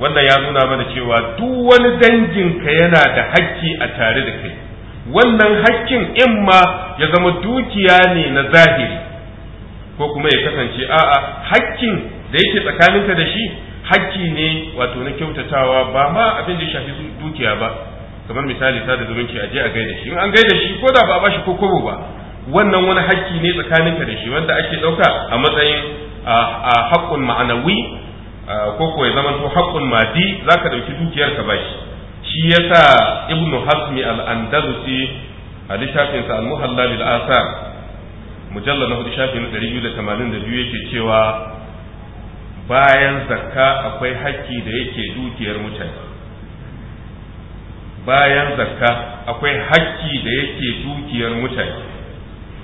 wannan ya nuna mana cewa duk wani dangin ka yana da hakki a tare da kai wannan hakkin imma ya zama dukiya ne na zahiri ko kuma ya kasance a'a hakkin da yake tsakaninka da shi hakki ne wato na kyautatawa ba ma abin da shafi dukiya ba kamar misali sada zumunci a je a gaida shi in an gaida shi ko da ba a bashi ko kobo ba wannan wani hakki ne tsakaninka da shi wanda ake ɗauka a matsayin a haƙƙun ma'anawi ko ko ya zama haƙƙun madi za ka ɗauki dukiyar ka bashi shi yasa ibnu hazmi al-andalusi a littafinsa al-muhalla lil asar mujallal na hudu shafi na 282 yake cewa bayan zakka akwai hakki da yake dukiyar mutane bayan zakka akwai hakki da yake dukiyar mutane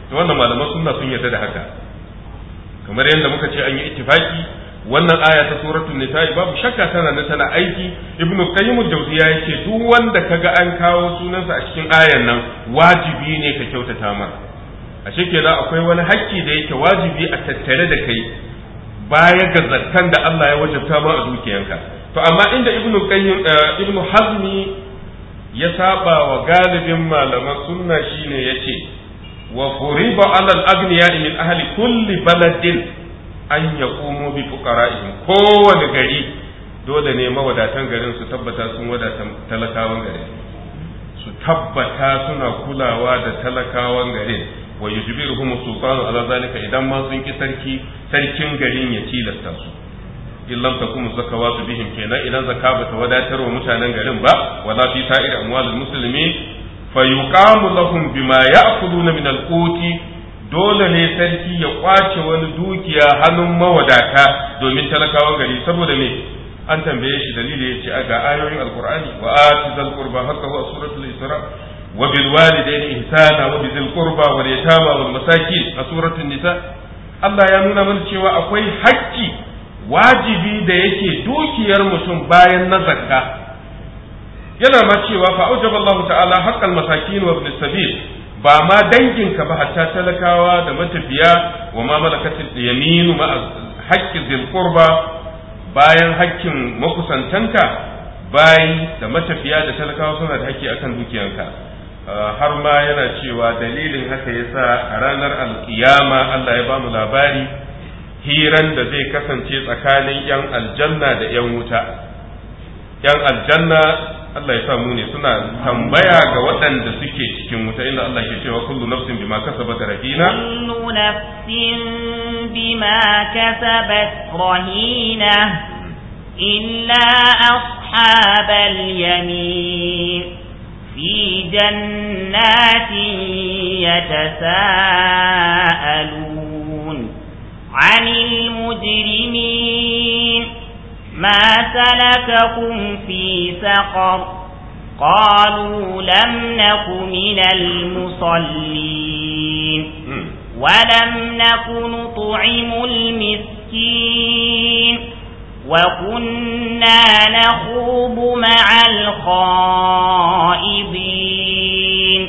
to wannan malaman sunna sun yarda da haka kamar yadda muka ce an yi ittifaki wannan aya ta suratul nisa'i babu shakka tana da tana aiki ibnu qayyim al-jawziya yace duk wanda kaga an kawo sunansa a cikin ayan nan wajibi ne ka kyautata mar a kenan akwai wani hakki da yake wajibi a tattare da kai baya ga zakkan da Allah ya wajabta ma a dukiyanka to amma inda ibnu qayyim eh, ibnu hazmi ya saba wa galibin malaman sunna shine yace wa furiba alal agniya min ahli kulli baladin an yaqumu bi fuqara'ihim wani gari dole ne mawadatan garin su tabbata sun wadata talakawan gari. su tabbata suna kulawa da talakawan garin wa yujbiruhum sultanu ala zalika idan ma sun ki sarki sarkin garin ya tilasta su illam takum zakawatu bihim kenan idan zakka bata wadatar wa mutanen garin ba wala fi sa'ir amwalul muslimin fa yuqamu lahum bima ya'kuluna min al-quti dole ne sarki ya ƙwace wani dukiya hannun mawadata domin talakawan gari saboda me an tambaye shi dalili yace ga ayoyin alqur'ani wa atizal qurba haqqahu suratul isra wa bil walidayni ihsana wa bizil qurba wal yatama wal masakin a suratun nisa Allah ya nuna mana cewa akwai haƙƙi wajibi da yake dukiyar mutum bayan na zakka yana ma cewa fa aujaballahu ta'ala haqqal masakin wa ibn sabil ba ma dangin ka ba hatta talakawa da matafiya wa ma malakatul yaminu ma haqqi zil qurba bayan haƙƙin makusantanka bayi da matafiya da talakawa suna da haƙƙi akan dukiyanka ah, har ma yana cewa dalilin haka yasa a ranar alƙiyama Allah ya bamu labari hiran da zai kasance tsakanin yan aljanna da yan wuta yan aljanna Allah ya sa mu ne suna tambaya ga waɗanda suke cikin wuta inda Allah ke cewa kullu nafsin bima kasabat rahina kullu nafsin bima kasabat rahina illa ashabal yamin fi jannatin yatasaalun 'anil mujrimin ما سلككم في سقر قالوا لم نك من المصلين ولم نك نطعم المسكين وكنا نخوب مع الخائضين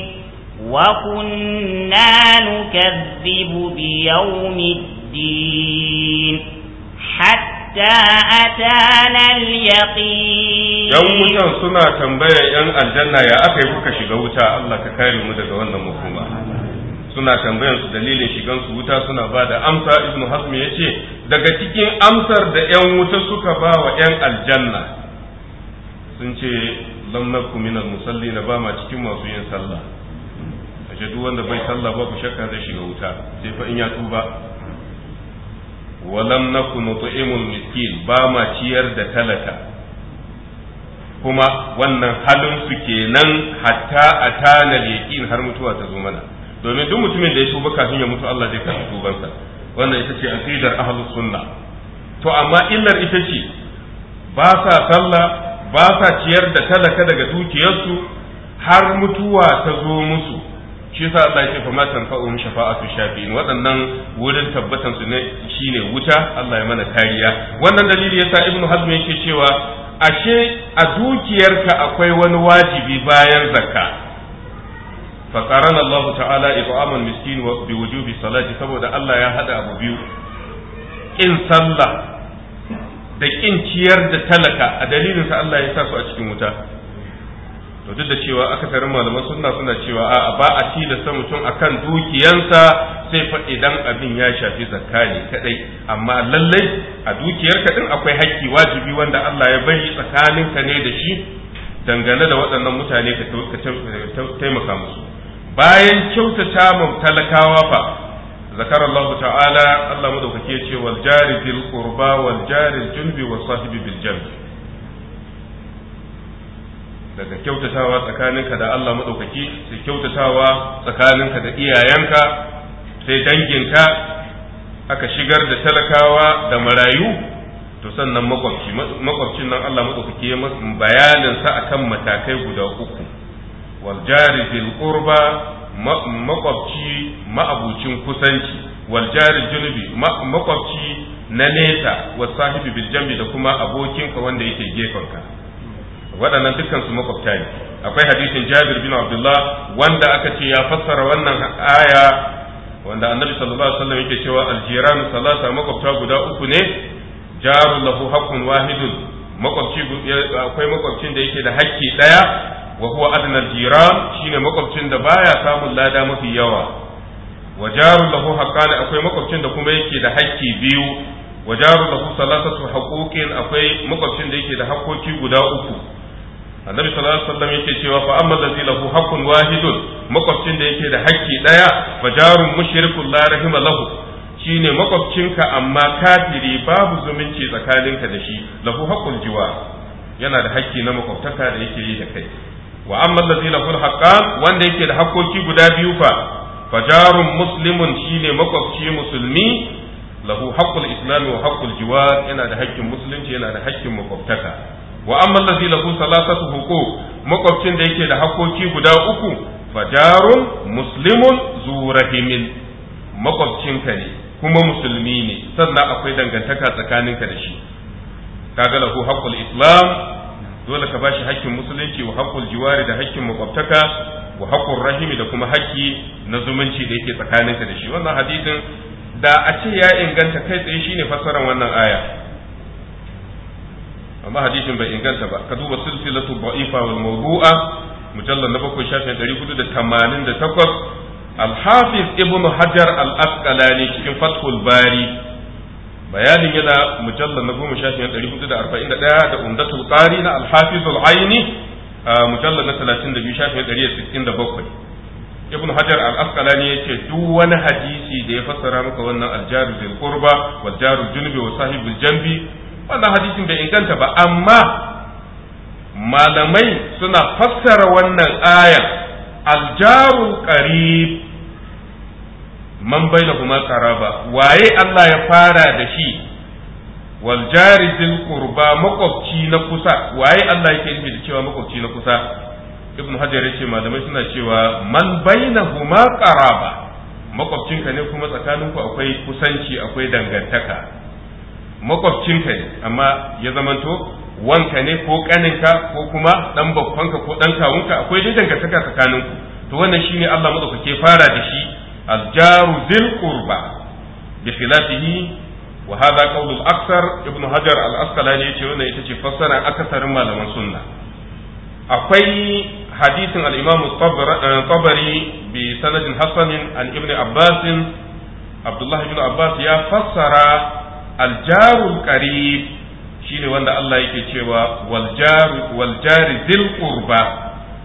وكنا نكذب بيوم الدين حتى hatta atana al-yaqin yan wutan suna tambaya yan aljanna ya aka yi kuka shiga wuta Allah ka kare mu daga wannan makoma suna tambayar su dalilin shigan su wuta suna ba da amsa ibnu ya yace daga cikin amsar da yan wuta suka ba wa yan aljanna sun ce lam nakum min al-musallin ba ma cikin masu yin sallah Aje, duk wanda bai sallah ba ku shakka zai shiga wuta sai fa in ya tuba walam naku nut'imul miskin ba ma ciyar da talaka kuma wannan halin su kenan hatta atana yaqin har mutuwa ta zo mana domin duk mutumin da ya tuba kafin ya mutu Allah zai karɓi tubansa wannan ita ce aqidar ahlus sunna to amma illar ita ce ba sa sallah ba sa ciyar da talaka daga dukiyarsu har mutuwa ta zo musu shi yasa Allah ya ce fa ma tanfa'uhum shafa'atu shafi'in waɗannan wurin tabbatan su ne shine wuta Allah ya mana kariya wannan dalili yasa Ibn Hazm yake cewa ashe a dukiyarka akwai wani wajibi bayan zakka فقارن الله تعالى wa bi wujubi الصلاة saboda Allah ya hada abu biyu in sallah da kin ciyar da talaka a dalilin sa Allah ya sa su a cikin wuta to duk da cewa akasarin malaman sunna suna cewa a ba a sa mutum akan dukiyansa sai fa idan abin ya shafi zakka ne kadai amma lallai a dukiyarka din akwai hakki wajibi wanda Allah ya bari ka ne da shi dangane da waɗannan mutane ka taimaka musu bayan kyautata ma talakawa fa zakar Allah ta'ala Allah madaukake ya ce wal jari bil qurba wal jari junbi wa sahibi bil janbi daga kyautatawa tsakaninka da Allah madaukaki sai kyautatawa tsakaninka da iyayenka sai danginka aka shigar da talakawa da marayu to sannan makwabci makwabcin nan Allah madaukaki ya bayanin sa akan matakai guda uku wal jari bil qurba makwabci ma'abucin kusanci wal jari junubi makwabci na nesa wa sahibi bil jambi da kuma abokinka wanda yake gefenka waɗannan dukkan su makwabta ne akwai hadisin Jabir bin Abdullah wanda aka ce ya fassara wannan aya wanda Annabi sallallahu alaihi wasallam yake cewa aljiranu salasa makwabta guda uku ne jarul lahu haqqun wahidun makwabci akwai makwabcin da yake da hakki daya wa huwa adna shine makwabcin da baya samun lada mafi yawa wa jarul lahu haqqani akwai makwabcin da kuma yake da hakki biyu wa jaru lahu salasatu haquqin akwai makwabcin da yake da hakkoki guda uku annabi sallallahu alaihi wasallam yake cewa fa amma allazi lahu haqqun wahidun makwabcin da yake da haƙƙi daya fajarun jarun mushrikun la rahima lahu shine makwabcinka amma kafiri babu zumunci tsakaninka da shi lahu haqqul jiwa yana da haƙƙi na makwabtaka da yake yi da kai wa amma allazi lahu haqqan wanda yake da haƙƙoki guda biyu fa fa jarun muslimun shine makwabci musulmi lahu haqqul islam wa haqqul jiwa yana da haƙƙin musulunci yana da haƙƙin makwabtaka wa amma allazi lahu salasatu huquq makwabcin da yake da hakoki guda uku fajarun muslimun zurahimin makwabcinka ne kuma musulmi ne sannan akwai dangantaka tsakaninka da shi kaga lahu haqqul islam dole ka bashi haƙƙin musulunci wa haqqul jiwari da haƙƙin makwabtaka wa haqqul rahimi da kuma haƙƙi na zumunci da yake tsakaninka da shi wannan hadisin da a ce ya inganta kai tsaye shine fassarar wannan aya amma hadisin bai inganta ba ka duba silsilatu da'ifa wal mawdu'a mujallal na bakwai shafin ɗari hudu da tamanin da takwas alhafiz ibn hajar al cikin fathul bari bayanin yana mujallal na goma shafin ɗari hudu da arba'in da ɗaya da umdatul qari na alhafiz al-aini na talatin da biyu shafin ɗari da sittin da bakwai ibn hajar al ya ce duk wani hadisi da ya fassara maka wannan aljaru bil wa sahibul wannan hadisin bai inganta ba amma malamai suna fassara wannan ayan aljaru qarib man kuma karaba waye Allah ya fara da shi wal jari dil qurba makwabci na kusa waye Allah yake nufi da cewa makwabci na kusa ibn hajar yace malamai suna cewa man kuma karaba makwabcinka ne kuma tsakaninku akwai kusanci akwai dangantaka makwabcinka ne amma ya zamanto wanka ne ko kaninka ko kuma dan babbanka ko dan kawunka akwai dai dangantaka tsakaninku to wannan shine Allah madaukake fara da shi aljaru zil qurba bi khilafihi wa hadha qawl al ibn hajar al-asqalani yace wannan ita ce fassara akasarin malaman sunna akwai hadisin al-imam eh, tabari bi sanadin hasanin an ibn abbas abdullahi ibn abbas ya fassara aljarul qarib shine wanda Allah yake cewa wal waljari zil qurba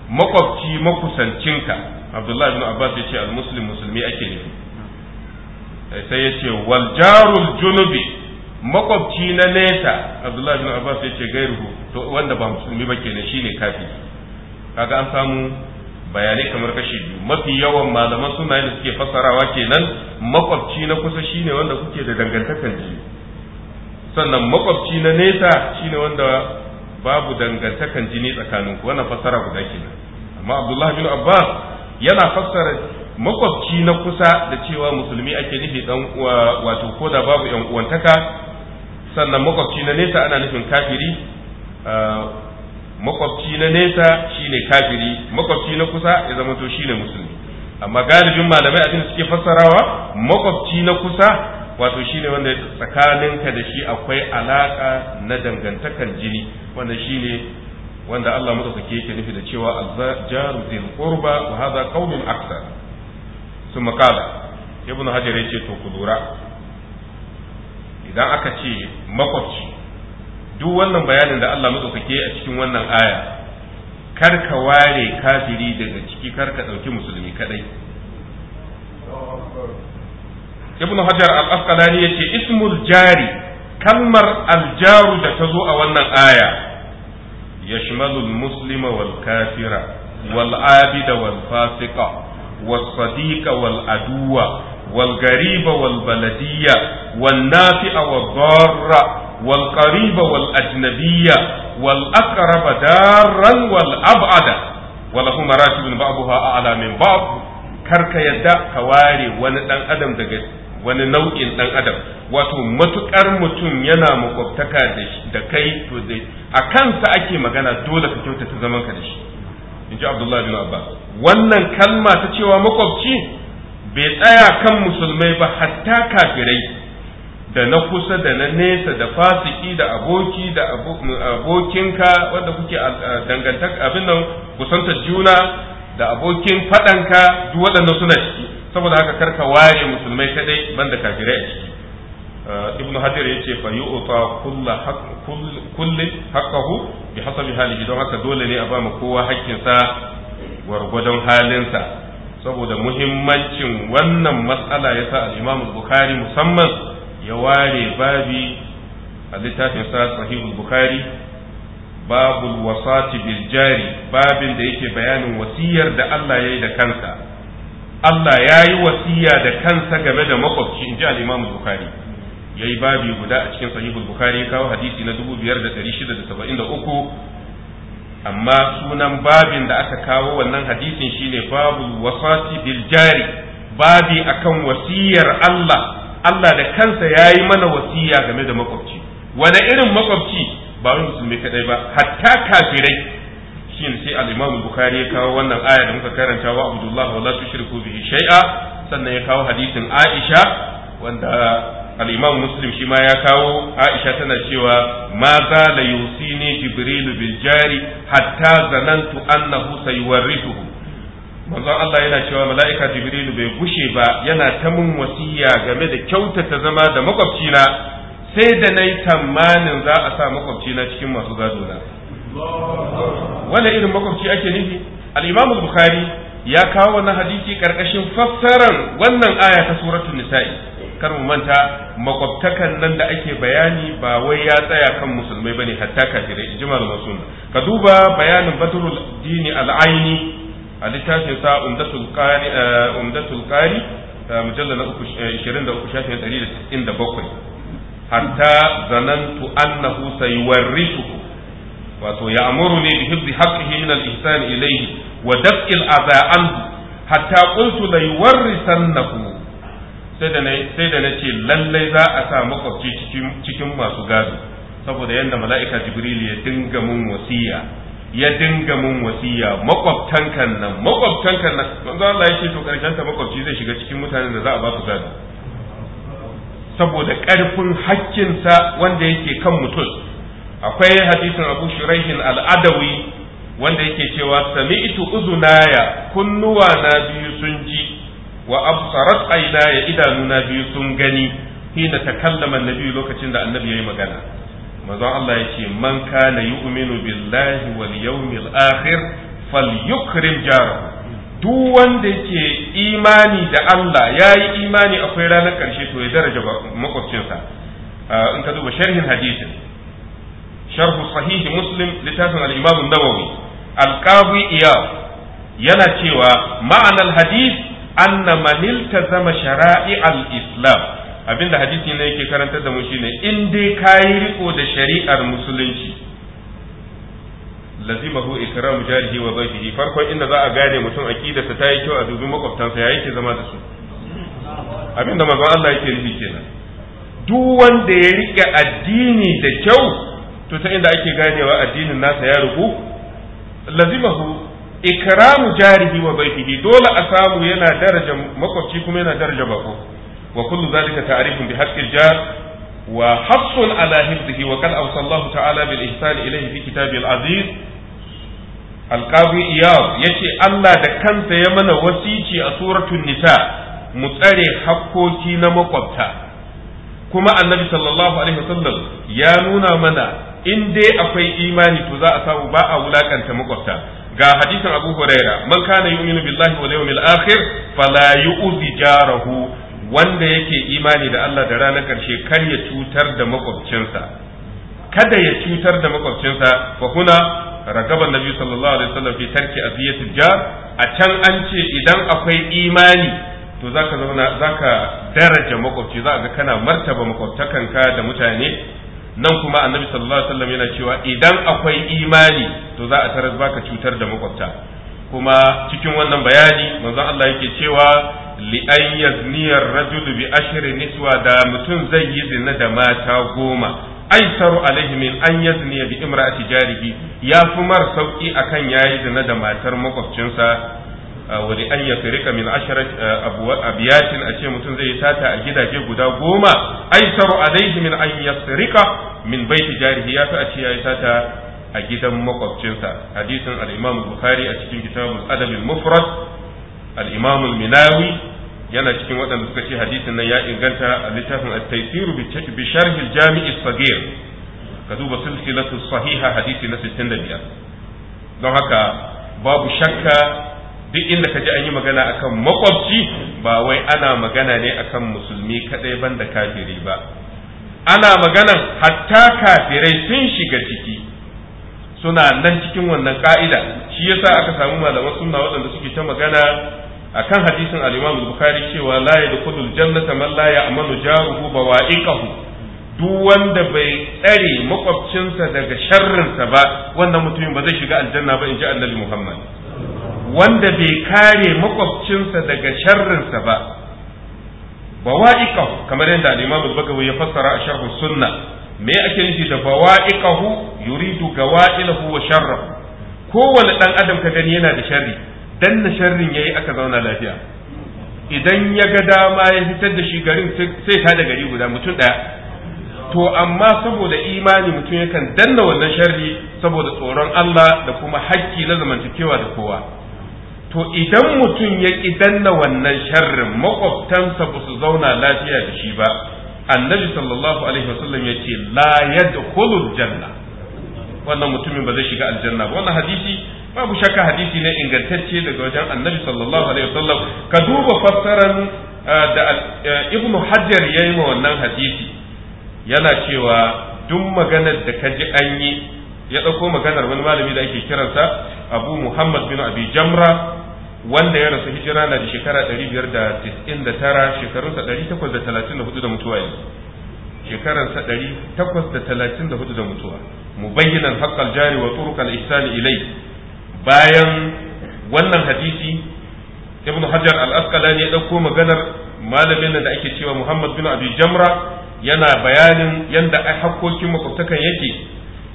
makwabci makusancinka Abdullahi ibn Abbas yace almuslim musulmi ake ne sai yace waljarul junubi makwabci na nesa Abdullahi ibn Abbas yace gairu to wanda ba musulmi ba kenan shine kafi kaga an samu bayanai kamar kashi biyu mafi yawan malaman suna da suke fasarawa kenan makwabci na kusa shine wanda kuke da dangantakar jini sannan makwabci na nesa shine wanda babu dangantakan jini tsakanin ku wannan fassara guda kenan amma Abdullah bin Abbas yana fassara makwabci na kusa da cewa musulmi ake nufi dan wato ko da babu yan uwantaka sannan makwabci na nesa ana nufin kafiri ah, makwabci na nesa shine kafiri makwabci na kusa ya zama to shine musulmi amma galibin malamai a cikin suke fassarawa makwabci na kusa wato shine wanda tsakaninka da shi akwai alaka na dangantakar jini wanda shine wanda Allah madaukake yake nufi da cewa azjaru zil qurba wa hadha qawlun akthar thumma qala ibnu hajar yace to ku lura idan aka ce makwabci duk wannan bayanin da Allah ke a cikin wannan aya kar ka ware kafiri daga ciki kar ka dauki musulmi kadai ibn hajar al-asqalani yace ismul jari kalmar aljaru da ta zo a wannan aya yashmalu al-muslima wal kafira wal abida wal fasiqa wal sadiqa wal aduwa wal gariba wal baladiyya wal nafi'a wal darra wal qariba wal ajnabiyya wal aqraba darran wal ab'ada wa ba'daha a'la min ba'd karka yadda ka ware wani dan adam daga wani nau'in dan adam wato matukar mutum yana makwabtaka da kai to zai a kansa ake magana dole ka kyautata zaman ka da shi in ji abdullahi bin abbas wannan kalma ta cewa makwabci bai tsaya kan musulmai ba hatta kafirai da na kusa da na nesa da fasiki da aboki da abokinka wanda kuke dangantaka abin nan kusantar juna da abokin faɗanka duk waɗannan suna ciki saboda haka karka ware musulmai kadai banda kafirai a ciki uh, ibnu hajar yace fa yu'ta kullu kullu haqqahu bi hasabi halihi don haka dole ne a ba mu kowa sa gwargwadon sa saboda muhimmancin wannan matsala ya al-Imam Bukhari musamman ya ware babi a littafin sa Sahih Bukhari babul wasati bil jari babin da yake bayanin wasiyar da Allah yayi da kansa Allah ya yi wasiya da kansa game da makwabci in ji al'imamu Bukhari ya yi babi guda a cikin sahihul Bukhari ya kawo hadisi na 5673 amma sunan babin da aka kawo wannan hadisin shine babu wasati bil jari babi akan wasiyar Allah Allah da kansa ya yi mana wasiya game da makwabci wani irin makwabci ba wani musulmi kadai ba hatta kafirai Shin sai al-Imam Bukhari ya kawo wannan aya da muka karanta wa Abdullah wala tushriku bihi shay'a sannan ya kawo hadisin Aisha wanda al-Imam Muslim shi ma ya kawo Aisha tana cewa ma za la yusini Jibril bil jari hatta zanantu annahu sayuwarrithuhu manzon Allah yana cewa mala'ika Jibril bai gushe ba yana ta mun wasiya game da kyautata zama da makwabcina sai da nayi tamanin za a sa makwabcina cikin masu gado na wanda irin makwabci ake nufi al-imam al-bukhari ya kawo wannan hadisi karkashin fassarar wannan aya ta suratul nisa'i kar mu manta makwabtakan nan da ake bayani ba wai ya tsaya kan musulmai bane hatta kafirai ijma al-masun ka duba bayanin batrul dini al-aini a littafin sa umdatul qari eh, umdatul qari eh, mujallal na 23 eh, shafin 197 hatta zanantu annahu sayuwarrisuhu wato ya amuru ne bi hifzi haqqihi min al-ihsan ilayhi wa daf'il adha anhu hatta qultu la yuwarrisannahu sai da sai da nace lallai za a sa makwabci cikin cikin masu gado saboda yanda mala'ika jibril ya dinga mun wasiya ya dinga mun wasiya makwabtan kan nan makwabtan kan nan manzo Allah ya ce to karshen ta makwabci zai shiga cikin mutanen da za a ba su gado saboda karfin haƙƙinsa wanda yake kan mutum akwai hadisin abu shuraihin al'adawi wanda yake cewa samiitu uzunaya kunnuwa na biyu sun ji wa absarat idanu na biyu sun gani hina takallama annabi lokacin da annabi yi magana manzon Allah ya ce man kana yu'minu billahi wal yawmil akhir falyukrim jarahu duk wanda yake imani da Allah yayi imani akwai ranar karshe to ya daraja makwabcinsa uh, in ka duba sharhin hadisin sharhu sahihi muslim littafin al-imam an-nawawi al-qadi iyad yana cewa ma'anar hadith anna man iltazama shara'i al-islam abinda hadisi ne yake karantar da mu shine in dai ka yi riko da shari'ar musulunci lazimahu ikramu jarihi wa dhayfihi farkon inda za a gane mutum aqidarsa ta yi kyau a dubi makwabtansa ya yake zama da su Abin abinda manzon Allah yake nufi kenan duk wanda ya rike addini da kyau to ta inda ake ganewa addinin nasa ya rubu lazimahu ikramu jarihi wa baitihi dole a samu yana daraja makwabci kuma yana daraja bako wa kullu zalika ta'rifun bi haqqil jar wa hassun ala wa qad awsallahu ta'ala bil ihsani ilayhi fi al aziz alqabi iyad yace Allah da kansa ya mana wasici a suratul nisa mu tsare hakkoki na makwabta kuma annabi sallallahu alaihi wasallam ya nuna mana in dai akwai imani to za a samu ba a wulakanta makwabta ga hadisin Abu Huraira man kana yu'minu billahi wal yawmil akhir fala yu'zi jarahu wanda yake imani da Allah da ranar karshe kar ya cutar da makwabcinsa kada ya cutar da makwabcinsa fa kuna ragaban nabi sallallahu alaihi wasallam fi tarki aziyatil jar a can an ce idan akwai imani to zaka zauna zaka daraja makwabci za ga kana martaba ka da mutane nan kuma annabi sallallahu alaihi wasallam yana cewa idan akwai imani to za a tarar baka cutar da makwabta kuma cikin wannan bayani manzon Allah yake cewa li an yazni ar-rajul bi ashri niswa da mutum zai yi zina da mata goma aisaru alaihi min an bi imra'ati jarihi ya fi mar sauki akan yayi zina da matar makwabcinsa wani an ya firika min asharat abiyatin a ce mutum zai yi sata a gidaje guda goma aisaru alaihi min an ya min ta jarihi ya fi a ce ya yi sata a gidan makwabcinsa hadisin al bukhari a cikin kitabul adab al-mufrad al minawi yana cikin waɗanda suka ce hadisin nan ya inganta a littafin at-taysir bi sharh al-jami' as ka duba silsilatu sahiha hadisi na 65 don haka babu shakka duk inda ka ji an yi magana akan makwabci ba wai ana magana ne akan musulmi kadai banda kafiri ba ana maganan hatta kafirai sun shiga ciki suna nan cikin wannan ka'ida shi yasa aka samu malaman sunna waɗanda suke ta magana akan hadisin al-Imam Bukhari cewa la yadkhulul jannata man la ya'malu jaruhu bawa'iqahu duk wanda bai tsare makwabcinsa daga sharrinsa ba wannan mutumin ba zai shiga aljanna ba in ji annabi Muhammad wanda bai kare makwabcinsa daga sharrinsa ba bawa'iqahu kamar yadda al-Imam al ya fassara a sharh sunna me ake nufi da bawa'iqahu yuridu gawa'ilahu wa sharrahu kowane dan adam ka gani yana da sharri dan na sharrin yayi aka zauna lafiya idan ya ga dama ya fitar da shi garin sai ta da gari guda mutum daya to amma saboda imani mutum yakan danna wannan sharri saboda tsoron Allah da kuma hakki na zamantakewa da kowa to idan mutum ya ƙi danna wannan sharrin makwabtansa ba su zauna lafiya da shi ba annabi sallallahu alaihi wasallam ya ce la yadkhulul janna wannan mutumin ba zai shiga aljanna ba wannan hadisi babu shakka hadisi ne ingantacce daga wajen annabi sallallahu alaihi wasallam ka duba fassaran ah, da eh, ibnu hajar yayi ma wannan hadisi yana cewa duk maganar da ka ji an yi ya ɗauko maganar wani malami da ake kiransa abu muhammad bin abi jamra wanda ya rasu hijira na da shekara 599 shekarunsa 834 da mutuwa yanzu shekaransa 834 da mutuwa mu bayyana haqqal jari wa turuqal ihsani ilai bayan wannan hadisi ibnu hajar al-asqalani ya dauko maganar malamin da ake cewa muhammad bin abi jamra yana bayanin yanda hakkokin makwabtakan yake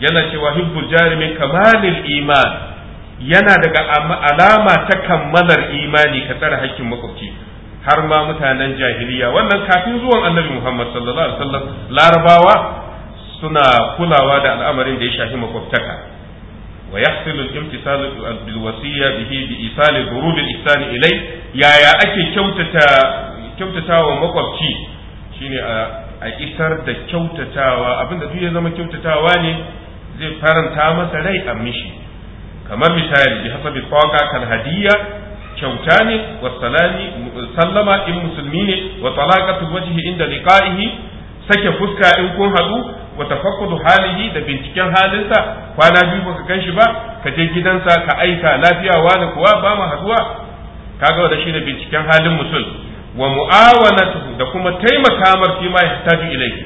yana cewa hibbul jari min kamalil iman yana daga alama ta kammalar imani ka tsara hakkin makwabci har ma mutanen jahiliya wannan kafin zuwan annabi Muhammad sallallahu alaihi wasallam larabawa suna kulawa da al'amarin da ya shafi makwabtaka wa yahsilu al-imtisal bil wasiyya bihi bi isal durub al-ihsan ilay yaya ake kyautata kyautatawa makwabci shine a isar da kyautatawa abinda duk ya zama kyautatawa ne zai faranta masa rai a mishi kamar misali bi hasabi taqa kan hadiyya kyauta ne wa salami sallama in musulmi ne wa talaqatu wajhi inda liqa'ihi sake fuska in kun hadu wa tafaqqudu halihi da binciken halinsa kwana biyu baka gan ba ka je gidansa ka aika lafiya wani kuwa ba mu haduwa kaga shi da binciken halin mutum wa mu'awanatu da kuma taimaka mar fi ma yahtaju ilayhi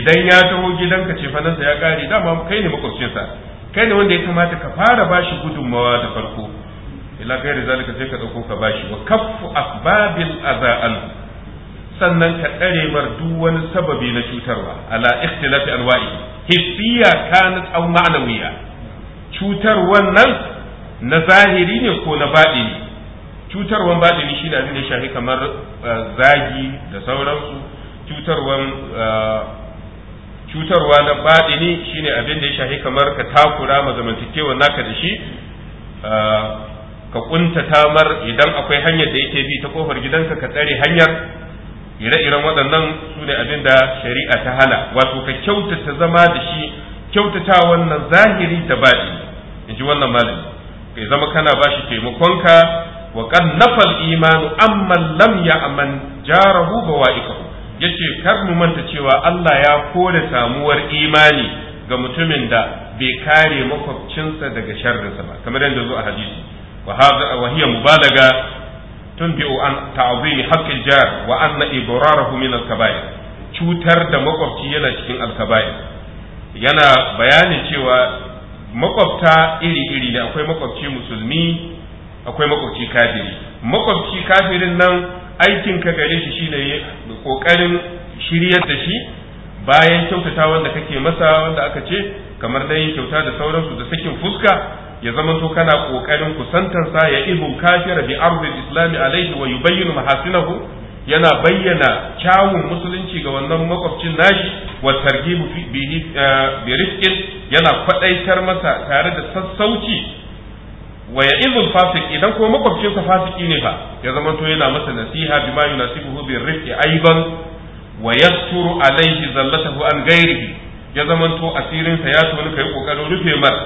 idan ya taho gidanka ce fa fanansa ya kare dama kai ne makwabcinsa kai ne wanda ya kamata ka fara bashi gudunmawa da farko ila kai da zalika sai ka dauko ka bashi wa kaffu asbabil aza'an sannan ka tsare bar duk wani sababi na cutarwa ala ikhtilafi anwa'i hissiya kanat aw ma'nawiya cutar wannan na zahiri ne ko na baɗini cutarwan baɗini shi da abin da shafi kamar eh, zagi da sauransu cutarwan eh, cutarwa na baɗini shine abin da ya shahi kamar ka takura ma zamantakewa naka da shi ah, ka kunta tamar idan akwai hanyar da yake bi ta kofar gidanka ka tsare hanyar ire-iren waɗannan su ne abin da shari'a ta hana wato ka kyautata zama da shi kyautata wannan zahiri da baɗi in ji wannan malam kai zama kana ba shi taimakonka wa kan nafal imanu amma lam ya aman jarahu bawa'ikahu yace kar mu manta cewa Allah ya kore samuwar imani ga mutumin da bai kare makwabcinsa daga sharrinsa ba kamar yadda zo a hadisi wa hadha wa hiya mubalaga tunbi'u an ta'zim haqqil jar wa anna ibrarahu min al-kaba'ir cutar da makwabci yana cikin al-kaba'ir yana bayanin cewa makwabta iri-iri ne akwai makwabci musulmi akwai makwabci kafiri makwabci kafirin nan aikin ka gare shi shine kokarin shiryar da shi bayan kyautata wanda kake masa wanda aka ce kamar dai kyauta da sauransu da sakin fuska ya zama to kana kokarin sa ya ibu kafir bi ardi islami alaihi wa yubayyinu mahasinahu yana bayyana kyawun musulunci ga wannan makwabcin nashi wa targibu eh, bi rizqin yana kwadaitar masa tare da sassauci wa ya'izul fasik idan kuma makwabcinsa fasiki ne fa ya zama to yana masa nasiha ma yunasibuhu bi rifqi aidan wa yasturu alayhi zallatahu an ghairihi ya zama to asirin sa ya tuni kai kokarin rufe mar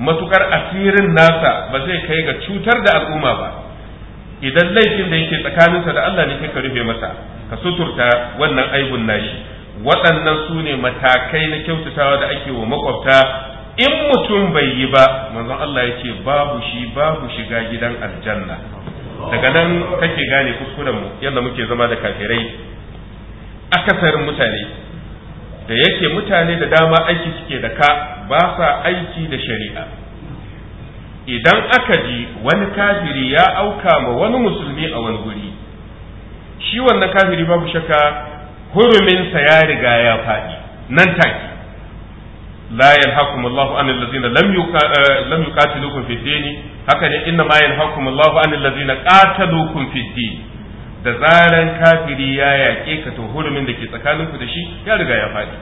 matukar asirin nasa ba zai kai ga cutar da al'umma ba idan laifin da yake tsakaninsa da Allah ne kai ka rufe masa ka suturta wannan aibun nashi waɗannan su ne matakai na kyautatawa da ake wa makwabta in mutum bai yi ba manzon Allah ya ce babu shi babu shiga gidan aljanna daga nan kake gane kuskuren mu yadda muke zama da kafirai akasarin mutane da yake mutane da dama aiki suke da ka ba sa aiki da shari'a idan aka ji wani kafiri ya auka ma wani musulmi a wani guri shi wannan kafiri babu shakka huruminsa ya riga ya faɗi nan take Layan yanhakum Allahu anil ladzina lam yuqatilukum fid din haka ne inna ma yanhakum Allahu anil ladzina qatalukum fid da zaran kafiri ya yaƙe ka to hurumin da ke tsakaninku da shi ya riga ya faɗi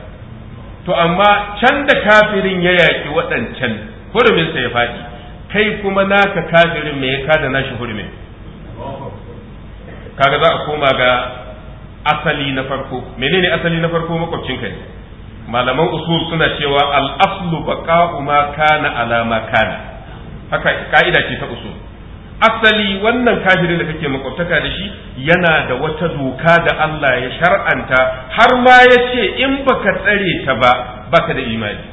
to amma can da kafirin ya yaƙi waɗancan hurumin sa ya faɗi kai kuma naka kafirin me ya kada nashi hurumin kaga za a koma ga asali na farko menene asali na farko makwabcinka ne malaman usul suna cewa al-aslu baqa'u ma kana ala ma kana haka ka'ida ce ta usul asali wannan kafirin da kake makwabtaka da shi yana da wata doka da Allah ya shar'anta har ma ya ce in baka tsare ta ba baka da imani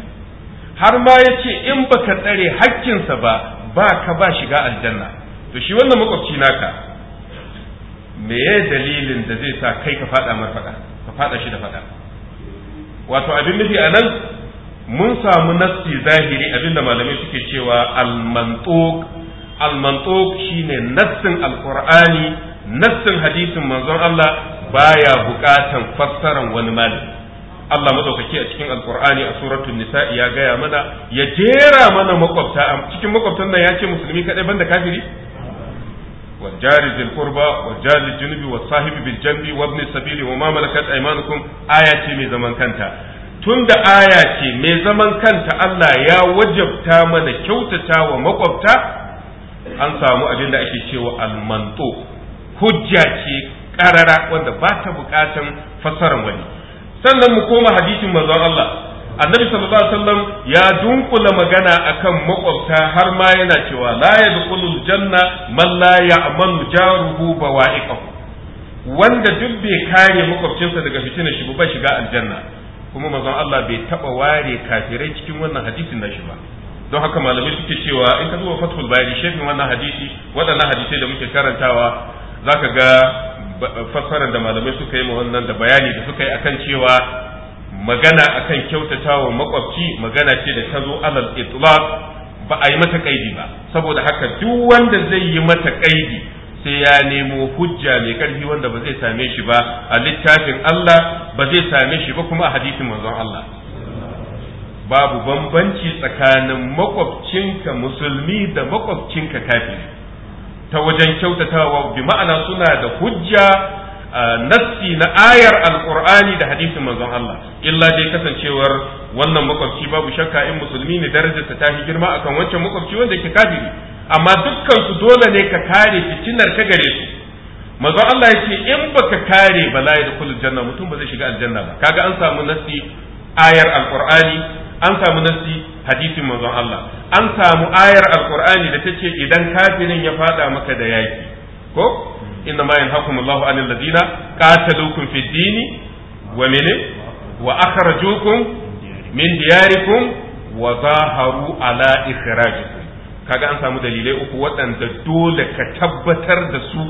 har ma ya ce in baka tsare hakkinsa ba ba ka ba shiga aljanna to shi wannan makwabci naka me dalilin da zai sa kai ka fada mar fada ka fada shi da fada wato abin nufi a nan mun samu nassi zahiri abinda malamai suke cewa al-mantuq shine nassin al-qur'ani nassin hadisin manzon Allah baya bukatan fassaran wani malami Allah madaukaki a cikin al-qur'ani a suratul nisa ya gaya mana ya jera mana makwabta cikin makwabtan nan ya ce musulmi kadai banda kafiri والجار ذي القربى والجار الجنبي والصاحب بالجنب وابن السبيل وما ملكت ايمانكم آية من زمن كنتا tunda aya ce mai zaman kanta Allah ya wajabta mana kyautata wa makwabta an samu abin da ake cewa almanto hujja ce karara wanda ba ta bukatan fassarar wani sannan mu koma hadisin manzon Allah annabi sallallahu alaihi wasallam ya dunkula magana akan makwabta har ma yana cewa la yadkhulul janna man la ya'manu jaruhu bawa'iqahu wanda duk bai kare makwabcinsa daga fitinar shi ba shiga aljanna kuma manzon Allah bai taba ware kafirai cikin wannan hadisin nashi ba don haka malamai suke cewa in ka zuwa fathul bari shafin wannan hadisi waɗannan hadisai da muke karantawa zaka ga fassarar da malamai suka yi ma wannan da bayani da suka yi akan cewa magana akan wa makwabci magana ce da ta zo alal itlaq ba a yi mata kaidi ba saboda haka duk wanda zai yi mata kaidi sai ya nemo hujja mai karfi wanda ba zai same shi ba a littafin Allah ba zai same shi ba kuma a hadisin manzon Allah babu bambanci tsakanin makwabcinka musulmi da makwabcinka kafiri ta wajen kyautatawa bi ma'ana suna da hujja nassi na ayar alqur'ani da hadisin manzon Allah illa dai kasancewar wannan makwabci babu shakka in musulmi ne darajarsa ta fi girma akan wancan makwabci wanda yake kafiri amma dukkan su dole ne ka kare fitinar ka gare su manzon Allah yace in baka kare bala'i da kullu janna mutum ba zai shiga aljanna ba kaga an samu nassi ayar alqur'ani an samu nassi hadisin manzon Allah an samu ayar alqur'ani da tace idan kafirin ya fada maka da yaki ko inna ma yanhakumullahu anil ladina qataluukum fid dini wa mene wa akhrajukum min diyarikum wa zaharu ala ikhrajikum kaga an samu dalilai uku waɗanda dole ka tabbatar da su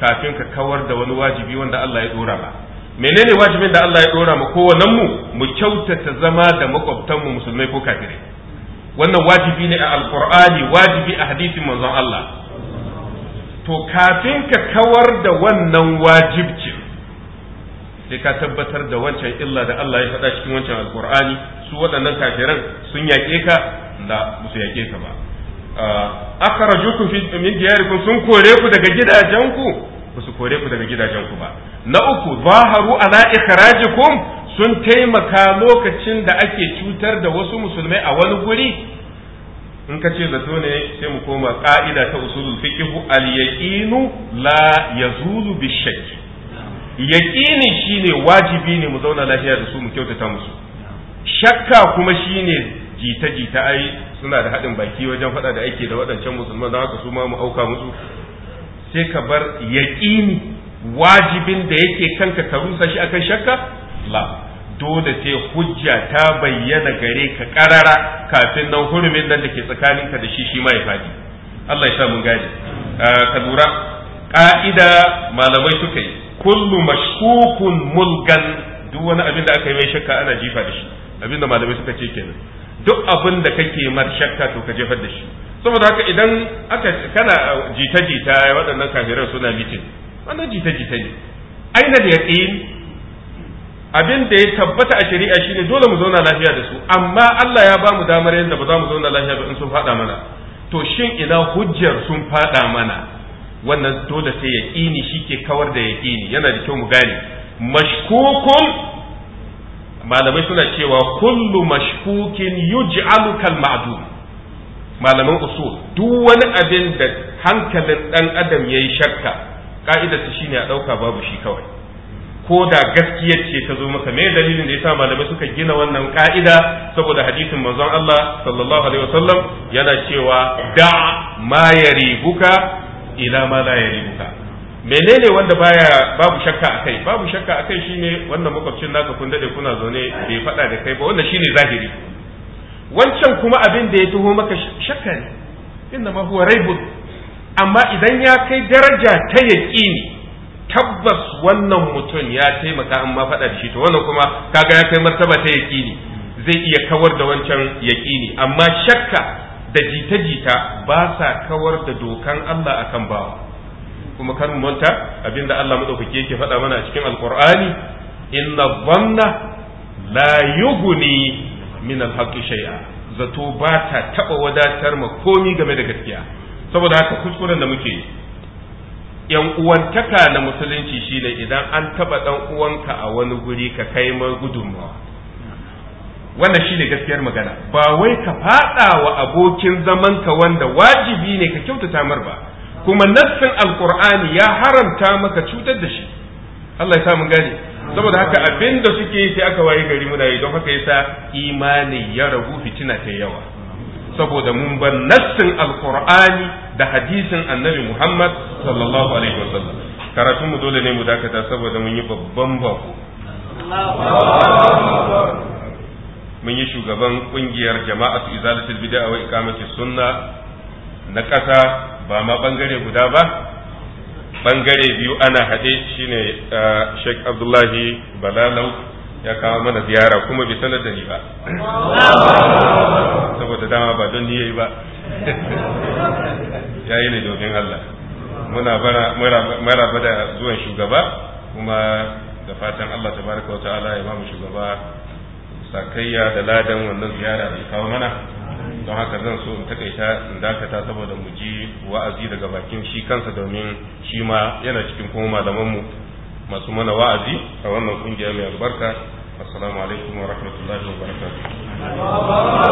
kafin ka kawar da wani wajibi wanda Allah ya dora ba menene wajibin da Allah ya dora mu kowannen mu mu kyautata zama da makwabtan mu musulmai ko kafirai wannan wajibi ne a alqur'ani wajibi a hadisin manzon Allah to kafin ka kawar da wannan wajibcin sai ka tabbatar da wancan illa da Allah ya faɗa cikin wancan alkur'ani su waɗannan kafiran sun yaƙe ka da musu yaƙe ka ba ah, aka fi min diyarikum sun kore ku daga gidajenku ba su kore ku daga gidajenku ba na uku zaharu ala ikhrajikum sun taimaka lokacin da ake cutar da wasu musulmai a wani guri in ka ce zato ne sai mu koma ka'ida ta usulul fiqh al yaqinu la yazulu bi shakk yaqini shine wajibi ne mu zauna lafiya da su mu kyautata musu shakka kuma shine jita jita ai suna da haɗin baki wajen faɗa da ake da waɗancan musulman da haka su ma mu auka musu sai ka bar yaƙini wajibin da yake kanka ka rusa shi akan shakka la dole sai hujja ta bayyana gare ka karara kafin nan hurumin nan da ke tsakaninka da shi shi ma ya fadi. Allah ya sa mun gane ka lura ka'ida malamai suka yi kullu mashkukun mulgan duk wani abin da aka yi mai shakka ana jifa da shi abin da malamai suka ce kenan duk abin da kake mar shakka to ka jefar da shi saboda haka idan aka kana jita-jita waɗannan kafiran suna mitin wannan jita-jita ne aina da yaqin abin da ya tabbata a shari'a shine dole mu zauna lafiya da su amma Allah ya ba mu damar yadda ba za mu zauna lafiya ba in sun faɗa mana to shin ina hujjar sun faɗa mana wannan dole sai ya ƙini shi ke kawar da ya ƙini yana da kyau mu gane mashkukun malamai suna cewa kullu mashkukin yuj'alu kal ma'dum malaman usul duk wani abin da hankalin dan adam yayi shakka ka'idar shine a dauka babu shi kawai ko da gaskiyar ce ta zo masa me dalilin da yasa malamai suka gina wannan ka'ida saboda hadisin manzon Allah sallallahu alaihi wasallam yana cewa da ma buka ila ma la buka menene wanda baya babu shakka akai babu shakka akai shine wannan makwabcin naka kun dade kuna zaune bai faɗa da kai ba wannan shine zahiri wancan kuma abin da ya taho maka shakka ne inna ma huwa raibun amma idan ya kai daraja ta yaqini tabbas wannan mutum ya taimaka an ma faɗa da shi to wannan kuma kaga ya kai martaba ta yaƙini zai iya kawar da wancan yaƙini amma shakka da jita-jita ba sa kawar da dokan Allah akan bawa kuma kan mu manta abinda Allah madaukake yake faɗa mana a cikin alqur'ani inna dhanna la yughni min alhaqqi shay'a zato ba ta taba wadatar ma komi game da gaskiya saboda haka kuskuren da muke yi yan uwantaka na musulunci shine idan an taba dan uwanka a wani guri ka kai ma gudunmawa wannan shine gaskiyar magana ba wai ka fada wa abokin zaman ka wanda wajibi ne ka kyautata mar ba kuma nassin alqur'ani ya haramta maka cutar da shi Allah ya sa mun gane saboda haka abinda suke yi sai aka waye gari muna yi don haka yasa imani ya ragu fitina ta yawa saboda mun bar nassin Alkur'ani da hadisin annabi Muhammad sallallahu alaihi wasallam karatun mu dole ne mu dakata saboda mun yi babban bako mun yi shugaban kungiyar jama'atu izalatul bid'a wa iqamati sunna na ƙasa ba ma bangare guda ba bangare biyu ana haɗe shine eh, Sheikh Abdullahi Balalau ya kawo mana ziyara kuma bai sanar da ni ba saboda dama ba don ni ba ba yi ne domin Allah muna mara bada zuwan shugaba kuma da fatan Allah Ta baraka wa ta'ala ya mamu shugaba sakayya da ladan wannan ziyara da kawo mana don haka zan so in takaita in dakata saboda mu ji wa'azi daga bakin shi kansa domin shi ma yana cikin kuma malamanmu masu mana wa'azi a wannan kungiya mai albarka السلام علیکم ورحمۃ اللہ وبرکاتہ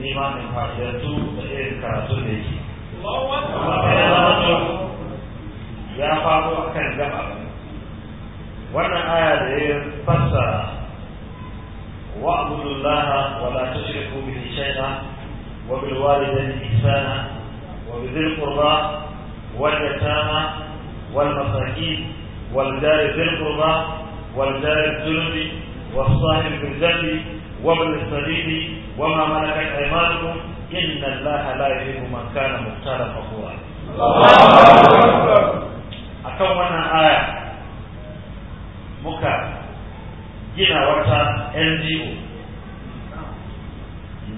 limanin fashiyarsu da irin karatun da yake ya faɗo a kan gama wannan aya da ya fassara wa abudullaha wa la tushriku bihi shay'a wa bil walidayni ihsana wa bi dhil qurba wal yatama wal masakin wal dari dhil qurba wal dari dhunubi was sahib bil dhanbi wa bil sabil وما ملكت ايمانكم ان الله لا يحب من كان مختالا فخورا akan wannan aya muka gina wata NGO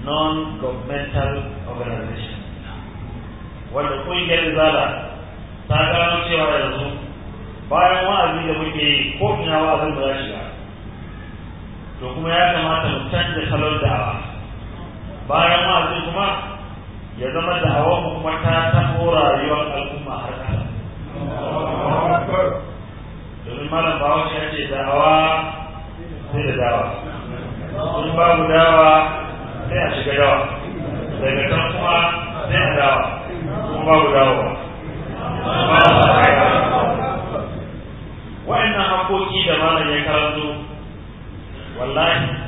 non-governmental organization wanda kungiyar zala ta gano cewa yanzu bayan wa'azi da muke yi ko ina wa'azin da za shiga to kuma ya kamata mu canza salon da'awa bayan ma sai kuma ya zama da hawa kuma ta taɓo rayuwar al'umma har kasa domin malam bawa shi ake hawa sai da dawa in babu dawa sai a shiga dawa daga can kuma sai a dawa kuma babu dawa wa'annan haƙoƙi da malam ya karanto wallahi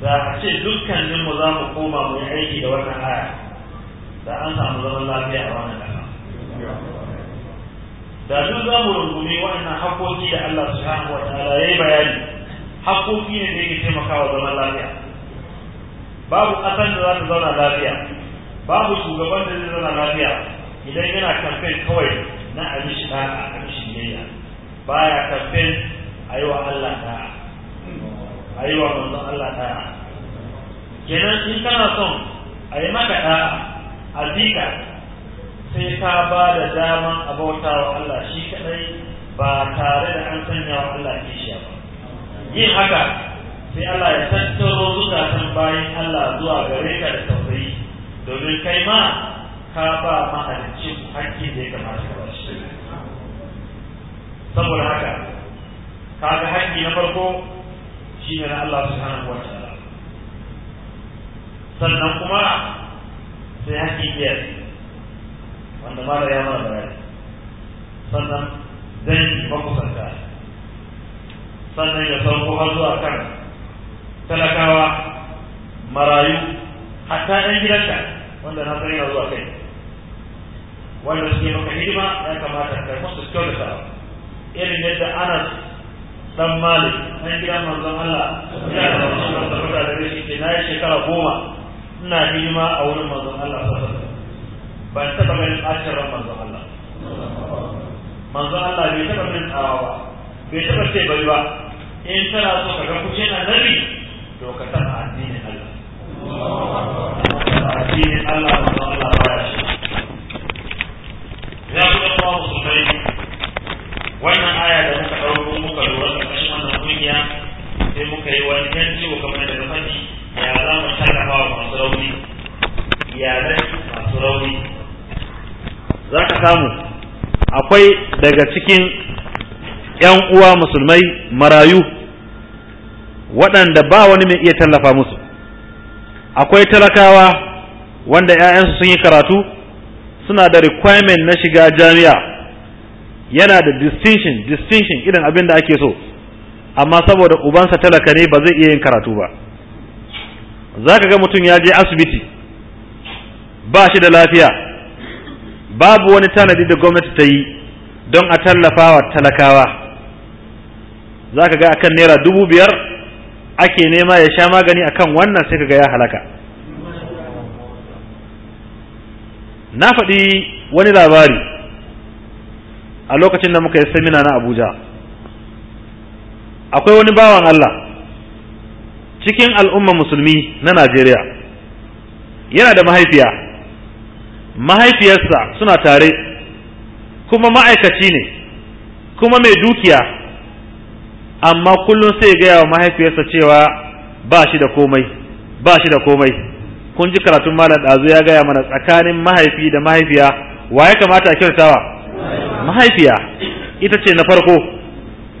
za a ce dukkaninmu mu za mu koma mu aiki da wannan aya da an samu zaman lafiya a wannan ƙasa da duk za mu rungumi waɗannan haƙoƙi da Allah subhanahu wa ta'ala yayi bayani haƙoƙi ne da yake taimakawa zaman lafiya babu ƙasar da za ta zauna lafiya babu shugaban da zai zauna lafiya idan yana kamfen kawai na abin shi ɗan a ƙarshen baya kamfen a yi wa Allah ta. a yi wa manzon Allah ta kenan in kana son a yi maka ta a sai ka ba da dama a bauta wa Allah shi kadai ba tare da an sanya wa Allah kishiya ba yin haka sai Allah ya tattaro zukatan bayan Allah zuwa gare ka da tausayi domin kai ma ka ba mahalicin hakki da ya kamata ba shi saboda haka kaga hakki na farko shine na Allah subhanahu wa ta'ala sannan kuma sai haƙƙi biyar wanda ma da ya da rai sannan zan dangi makusanta sannan ya sauko har zuwa kan talakawa marayu hatta ɗan gidanka wanda na san yana zuwa kai wanda suke maka hidima ya kamata kai musu kyau da kyautata irin yadda Anas dan Malik na gida manzon Allah ina da wasu da saboda da rashi ke na shekara goma ina hidima a wurin manzon Allah sallallahu ban taɓa ganin ɓacin ran manzon Allah manzon Allah bai taɓa min tsawa ba bai taɓa ce bai ba in tana so ka ga kuce na nabi to ka taɓa addinin Allah addinin Allah manzon Allah ba ya shi ya kuma musulmai wannan aya da muka ɗauko muka lura ƙarƙashin wannan kungiya sai muka yi wani ciwo kamar da faɗi ya za mu tallafa wa masu rauni iyalai masu rauni za ka samu akwai daga cikin 'yan uwa musulmai marayu waɗanda ba wani mai iya tallafa musu akwai talakawa wanda 'ya'yansu sun yi karatu suna da requirement na shiga jami'a yana da distinction distinction irin abin da ake so amma saboda ubansa talaka ne ba zai iya yin karatu ba za ka ga mutum ya je asibiti ba shi da lafiya babu wani tanadi da gwamnati ta yi don a tallafa wa talakawa za ka ga akan naira dubu biyar ake nema ya sha magani akan wannan sai ka ga ya halaka na faɗi wani labari a lokacin da muka yi samina na abuja akwai wani bawan allah cikin al'umma musulmi na najeriya yana da mahaifiya mahaifiyarsa suna tare kuma ma'aikaci ne kuma mai dukiya amma kullum sai gaya wa mahaifiyarsa cewa ba shi da komai ba shi da komai kun ji karatun malam ɗazu ya gaya mana tsakanin mahaifi da mahaifiya wa ya kamata a kyautawa mahaifiya ita ce na farko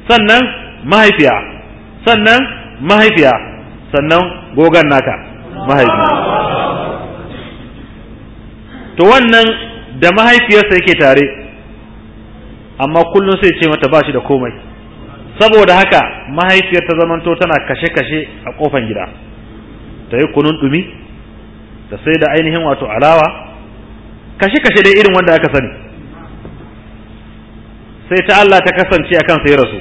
sannan mahaifiya sannan mahaifiya sannan gogan naka mahaifi to wannan da mahaifiyarsa yake tare amma kullum sai ce mata ba shi da komai saboda haka mahaifiyar ta zamanto tana kashe-kashe a kofan gida ta yi kunun dumi ta sai da ainihin wato alawa kashe-kashe dai irin wanda aka sani sai ta Allah ta kasance a kan ya rasu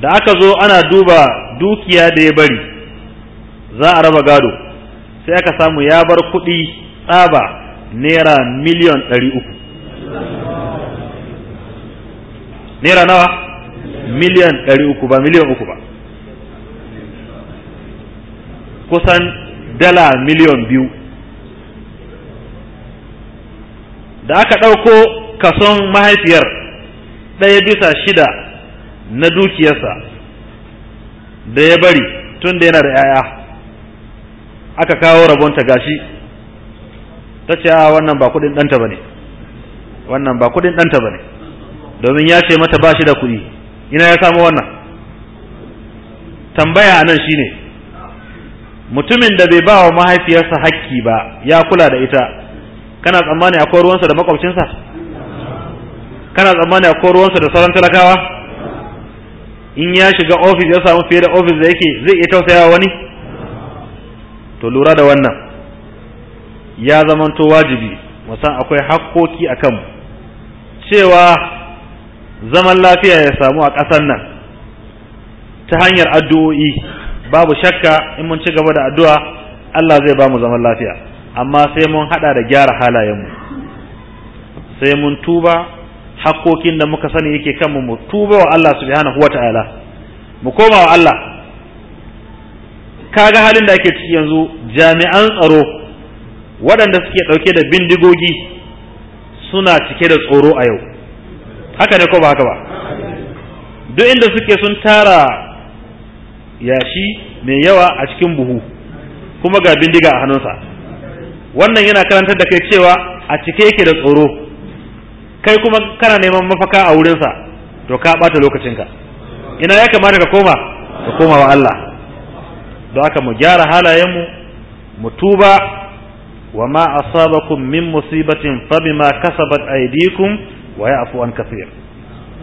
da aka zo ana duba dukiya da ya bari za a raba gado sai aka samu ya bar kuɗi tsaba naira miliyan ɗari uku naira nawa miliyan ɗari uku ba miliyan uku ba kusan dala miliyan biyu da aka ɗauko kason mahaifiyar ɗaya bisa shida na dukiyarsa da ya bari tun da yana da 'ya'ya aka kawo rabonta gashi ta ce a wannan ba kudin ɗanta ba ne wannan ba kudin ɗanta ba ne domin ya ce mata ba shi da kuɗi ina ya samu wannan tambaya a nan shine mutumin da bai ba wa mahaifiyarsa hakki ba ya kula da ita kana tsammani akwai ruwansa da makwabcinsa kana tsammani a ruwansa da sauran talakawa in ya shiga ofis ya samu fiye da ofis da yake zai iya tausayawa wani to lura da wannan ya zamanto wajibi musan akwai hakkoki a kanmu cewa zaman lafiya ya samu a ƙasar nan ta hanyar addu'o'i babu shakka in mun ci gaba da addu'a Allah zai ba mu zaman lafiya amma sai mun haɗa da gyara halayenmu sai mun tuba haƙoƙin da muka sani yake kanmu mu tuba wa Allah subhanahu wata'ala mu koma wa Allah kaga halin da ake ciki yanzu jami'an tsaro waɗanda suke ɗauke da bindigogi suna cike da tsoro a yau haka ne ko ba haka ba duk inda suke sun tara yashi mai yawa a cikin buhu kuma ga bindiga a hannunsa wannan yana karantar da kai cewa a cike yake da tsoro kai kuma kana neman mafaka a wurinsa to ka ɓata lokacinka ina ya kamata ka koma ka koma wa Allah don haka mu gyara halayenmu mu tuba wa ma asabakum min musibatin fa bima kasabat aydikum wa ya'fu an kathir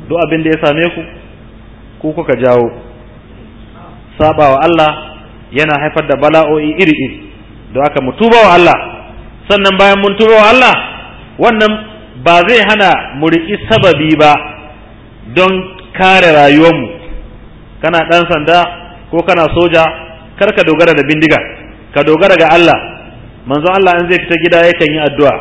duk abin da ya same ku ku kuka jawo saba wa Allah yana haifar da bala'o'i iri iri don haka mu tuba wa Allah sannan bayan mun tuba wa Allah wannan ba zai hana mu riƙi sababi ba don kare rayuwarmu kana ɗan sanda ko kana soja kar ka dogara da bindiga ka dogara ga Allah manzon Allah in zai fita gida yakan yi addu'a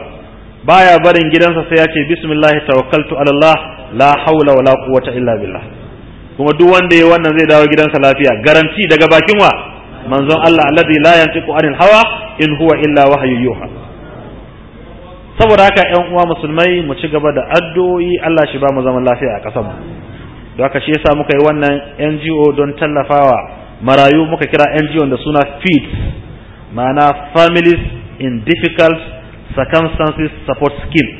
baya barin gidansa sai ya ce bismillah tawakkaltu ala Allah la hawla wala quwwata illa billah kuma duk wanda yayi wannan zai dawo gidansa lafiya garanti daga bakin wa manzon Allah alladhi la yantiqu anil hawa in huwa illa wahyu yuha saboda haka ƴan uwa musulmai mu ci gaba da addu'o'i Allah shi ba mu zaman lafiya a ƙasar mu don haka shi yasa muka yi wannan NGO don tallafawa marayu muka kira NGO da suna FEED ma'ana families in difficult circumstances support scheme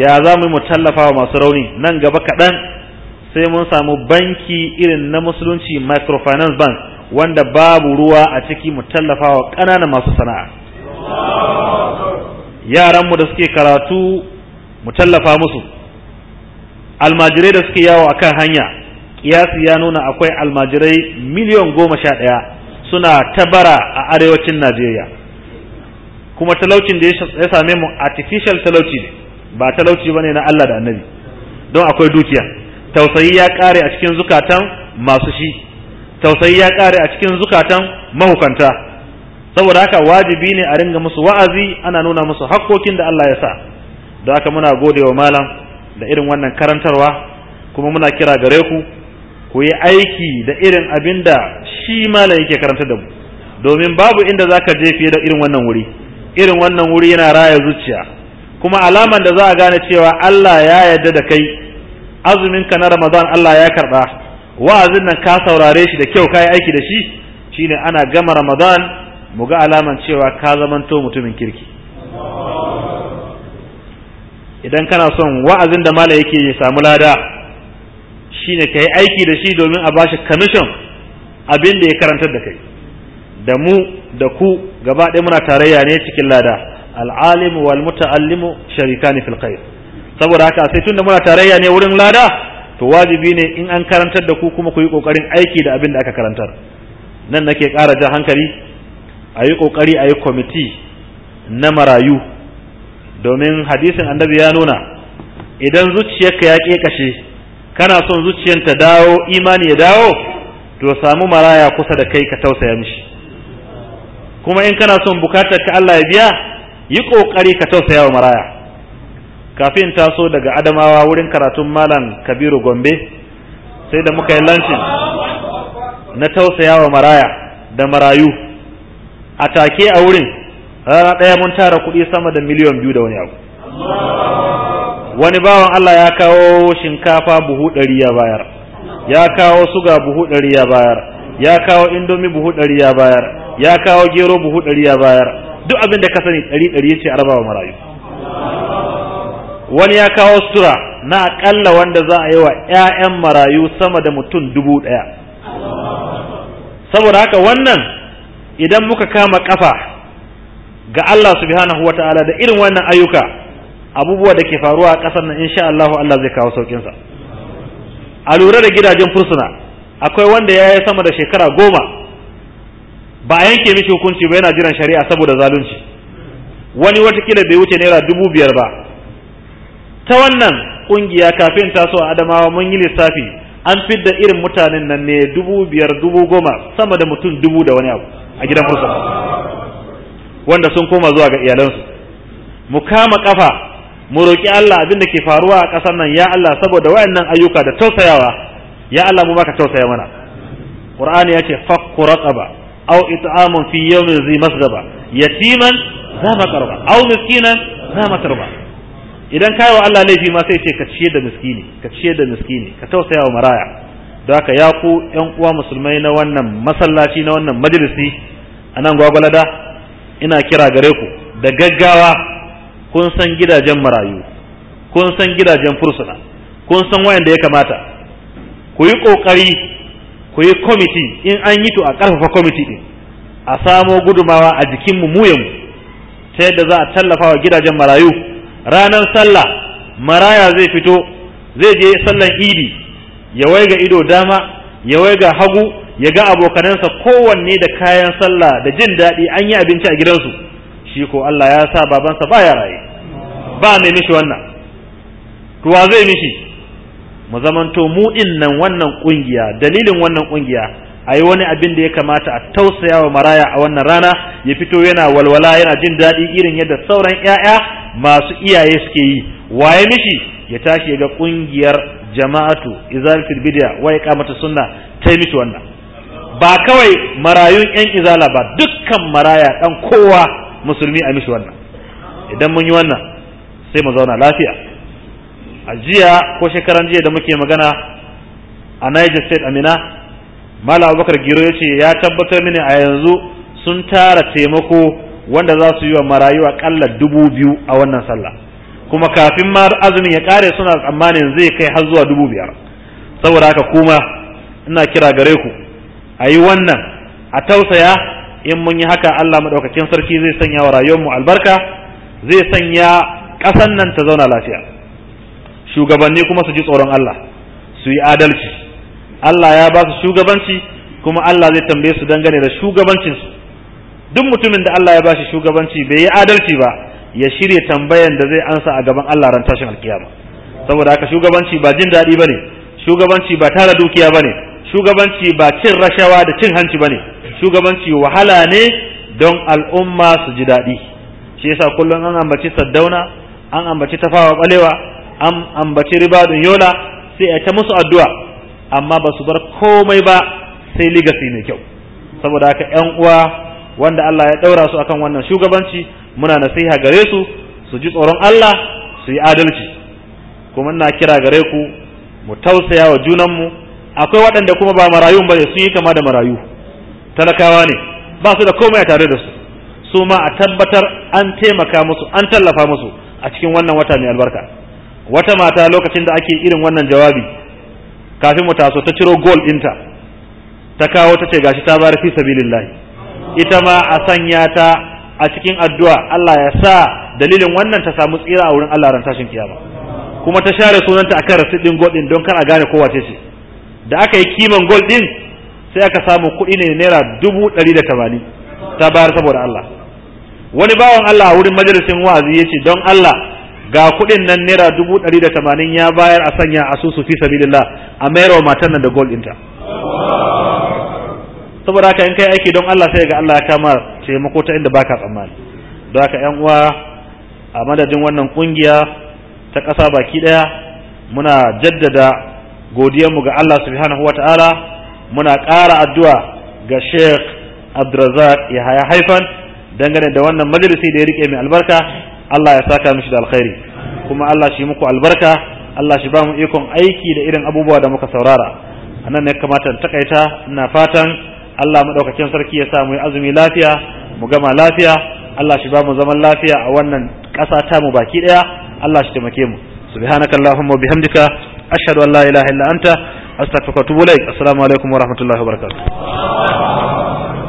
ya za mu yi mu tallafawa masu rauni nan gaba kaɗan sai mun samu banki irin na musulunci microfinance bank wanda babu ruwa a ciki mu tallafawa ƙananan masu sana'a yaranmu da suke karatu mu tallafa musu almajirai da suke yawo akan hanya kiyasi ya nuna akwai almajirai miliyan goma sha ɗaya suna tabara a arewacin najeriya kuma talaucin da ya same mu artificial talauci ne ba talauci ba ne na Allah da annabi don akwai dukiya tausayi ya kare a cikin zukatan masu shi tausayi ya kare a cikin zukatan mahukanta saboda haka wajibi ne a ringa musu wa'azi ana nuna musu hakkokin da Allah ya sa da haka muna gode wa malam da irin wannan karantarwa kuma muna kira gare ku ku yi aiki da irin abin da shi malam yake karantar da mu domin babu inda za ka je fiye da irin wannan wuri irin wannan wuri yana raya zuciya kuma alaman da za a gane cewa Allah ya yarda da kai azumin ka na Ramadan Allah ya karɓa wa'azin nan ka saurare shi da kyau ka yi aiki da shi shine ana gama Ramadan mu ga alaman cewa ka zamanto mutumin kirki idan kana son wa'azin da mala yake ya samu lada shine ka yi aiki da shi domin a bashi kamishin abin da ya karantar da kai da mu da ku gaba ɗaya muna tarayya ne cikin lada al'alimu wal muta'allimu sharikani fil khair saboda haka sai tunda muna tarayya ne wurin lada to wajibi ne in an karantar da ku kuma ku yi kokarin aiki da abin da aka karantar nan nake ƙara jan hankali a yi ƙoƙari a yi kwamiti na marayu domin hadisin annabi ya nuna idan zuciyarka ya ƙeƙashe kana son zuciyar ta dawo imani ya dawo to samu maraya kusa da kai ka tausaya mishi kuma in kana son bukatar ka Allah ya biya yi ƙoƙari ka tausaya wa maraya kafin taso daga adamawa wurin karatun malam kabiru gombe sai da muka yi lancin na tausaya wa maraya da marayu a take a wurin rana ɗaya mun tara kuɗi sama da miliyan biyu da wani abu wani bawan Allah ya kawo shinkafa buhu ɗari ya bayar ya kawo suga buhu ɗari ya bayar ya kawo indomi buhu ɗari ya bayar ya kawo gero buhu ɗari ya bayar duk abin da ka sani ɗari ɗari ce a rabawa marayu wani ya kawo sutura na akalla wanda za a yi wa 'ya'yan marayu sama da mutum dubu ɗaya saboda haka wannan idan muka kama kafa ga Allah subhanahu wa ta'ala da irin wannan ayyuka abubuwa da ke faruwa a ƙasar nan insha Allah Allah zai kawo sauƙinsa. a lura da gidajen fursuna akwai wanda ya yi sama da shekara goma ba a yanke mishi hukunci ba yana jiran shari'a saboda zalunci wani watakila bai wuce naira dubu biyar ba ta wannan ƙungiya kafin taso a adamawa mun yi lissafi an fidda irin mutanen nan ne dubu biyar dubu goma sama da mutum dubu da wani abu a gidan kurkuku wanda sun koma zuwa ga iyalansu mu kama kafa mu roki Allah abin da ke faruwa a ƙasar nan ya Allah saboda wayannan ayyuka da tausayawa ya Allah mu baka tausaya mana Qur'ani ya ce raqaba aw it'amun fi yawmin zi masgaba yatiman za maqarba aw miskinan za matarba idan kai wa Allah laifi ma sai ce ka ciye da miskini ka ciye da miskini ka tausaya wa maraya Da haka ya ku yan uwa musulmai na wannan masallaci na wannan majalisi a nan gwagwalada ina kira gare ku da gaggawa kun san gidajen marayu kun san gidajen fursuna kun san da ya kamata ku yi ƙoƙari ku yi kwamiti in an yi to a ƙarfafa kwamiti ɗin a samo gudumawa a jikinmu muyan ta yadda za a tallafa wa gidajen marayu ranar sallah maraya zai fito zai je sallan idi ya ga ido dama ya ga hagu ya ga abokanansa kowanne da kayan sallah da jin daɗi an yi abinci a gidansu shi ko Allah ya sa babansa ba ya raye ba mai mishi wannan to zai mishi mu zamanto mu nan wannan ƙungiya dalilin wannan kungiya yi wani abin da ya kamata a tausaya wa maraya a wannan rana ya fito yana walwala yana jin daɗi irin yadda sauran 'ya'ya masu iyaye suke yi waye mishi ya tashi ga ƙungiyar? jama'atu fil bid'a wa iqamatu sunna tai mishi wannan ba kawai marayun yan izala ba dukkan maraya dan kowa musulmi a mishi wannan idan mun yi wannan sai mu zauna lafiya a jiya ko shekaran jiya da muke magana a Niger State Amina Malam Abubakar Giro ya ce ya tabbatar mini a yanzu sun tara taimako wanda za su yi wa marayu akalla dubu biyu a wannan sallah kuma kafin ma azumin ya kare suna tsammanin zai kai har zuwa dubu biyar saboda haka kuma ina kira gare ku a yi wannan a tausaya in mun yi haka Allah maɗaukakin sarki zai sanya wa mu albarka zai sanya ƙasan nan ta zauna lafiya shugabanni kuma su ji tsoron Allah su yi adalci Allah ya ba su shugabanci kuma Allah zai tambaye su dangane da shugabancinsu duk mutumin da Allah ya ba shi shugabanci bai yi adalci ba ya shirya tambayan da zai ansa a gaban Allah ran tashin alkiyama saboda haka shugabanci ba jin daɗi bane shugabanci ba tara dukiya bane shugabanci ba cin rashawa da cin hanci bane shugabanci wahala ne don al'umma su ji daɗi shi yasa kullum an ambaci saddauna an ambaci tafawa balewa an ambaci riba ribadun yola sai a ta musu addu'a amma ba su bar komai ba sai ligasi mai kyau saboda haka 'yan uwa wanda Allah ya daura su akan wannan shugabanci muna nasiha gare su su ji tsoron Allah su yi adalci kuma ina kira gare ku mu tausaya wa junanmu akwai waɗanda kuma ba marayu ba sun yi kama da marayu talakawa ne ba su da komai a tare da su su ma a tabbatar an taimaka musu an tallafa musu a cikin wannan wata mai albarka wata mata lokacin da ake irin wannan jawabi kafin mu taso ta ciro gol ɗinta ta kawo ta ce gashi ta bari fi sabilillahi ita ma a sanya ta a cikin addu'a Allah ya sa dalilin wannan ta samu tsira a wurin Allah ran tashin kiyama kuma ta share sunanta akan rasid din gold din don kar a gane kowa ce da aka yi kiman gold din sai aka samu kuɗi ne naira dubu ɗari da tamanin ta bayar saboda Allah wani bawan Allah a wurin majalisin wa'azi ya ce don Allah ga kuɗin nan naira dubu ɗari da tamanin ya bayar a sanya asusu fi sabilillah a mayar wa matan nan da gold ta. saboda haka in kai aiki don Allah sai ga Allah ya kama mako ta inda baka tsammani don haka yan uwa a madadin wannan kungiya ta ƙasa baki ɗaya muna jaddada godiyarmu ga Allah subhanahu Ta'ala muna ƙara addu'a ga Sheikh Abdulrazak Yahaya Haifan dangane da wannan majalisi da ya rike mai albarka Allah ya saka mishi da alkhairi kuma Allah shi muku albarka Allah shi ba mu ikon aiki da irin abubuwa da muka saurara anan ne kamata takaita ina fatan Allah maɗaukacin sarki ya sa mu yi azumi lafiya mu gama lafiya Allah shi ba mu zaman lafiya a wannan ƙasa ta mu baki ɗaya Allah shi taimake mu subhanakallahumma wa bihamdika ashhadu an la ilaha illa anta astaghfiruka wa atubu ilaik assalamu alaikum wa rahmatullahi wa barakatuh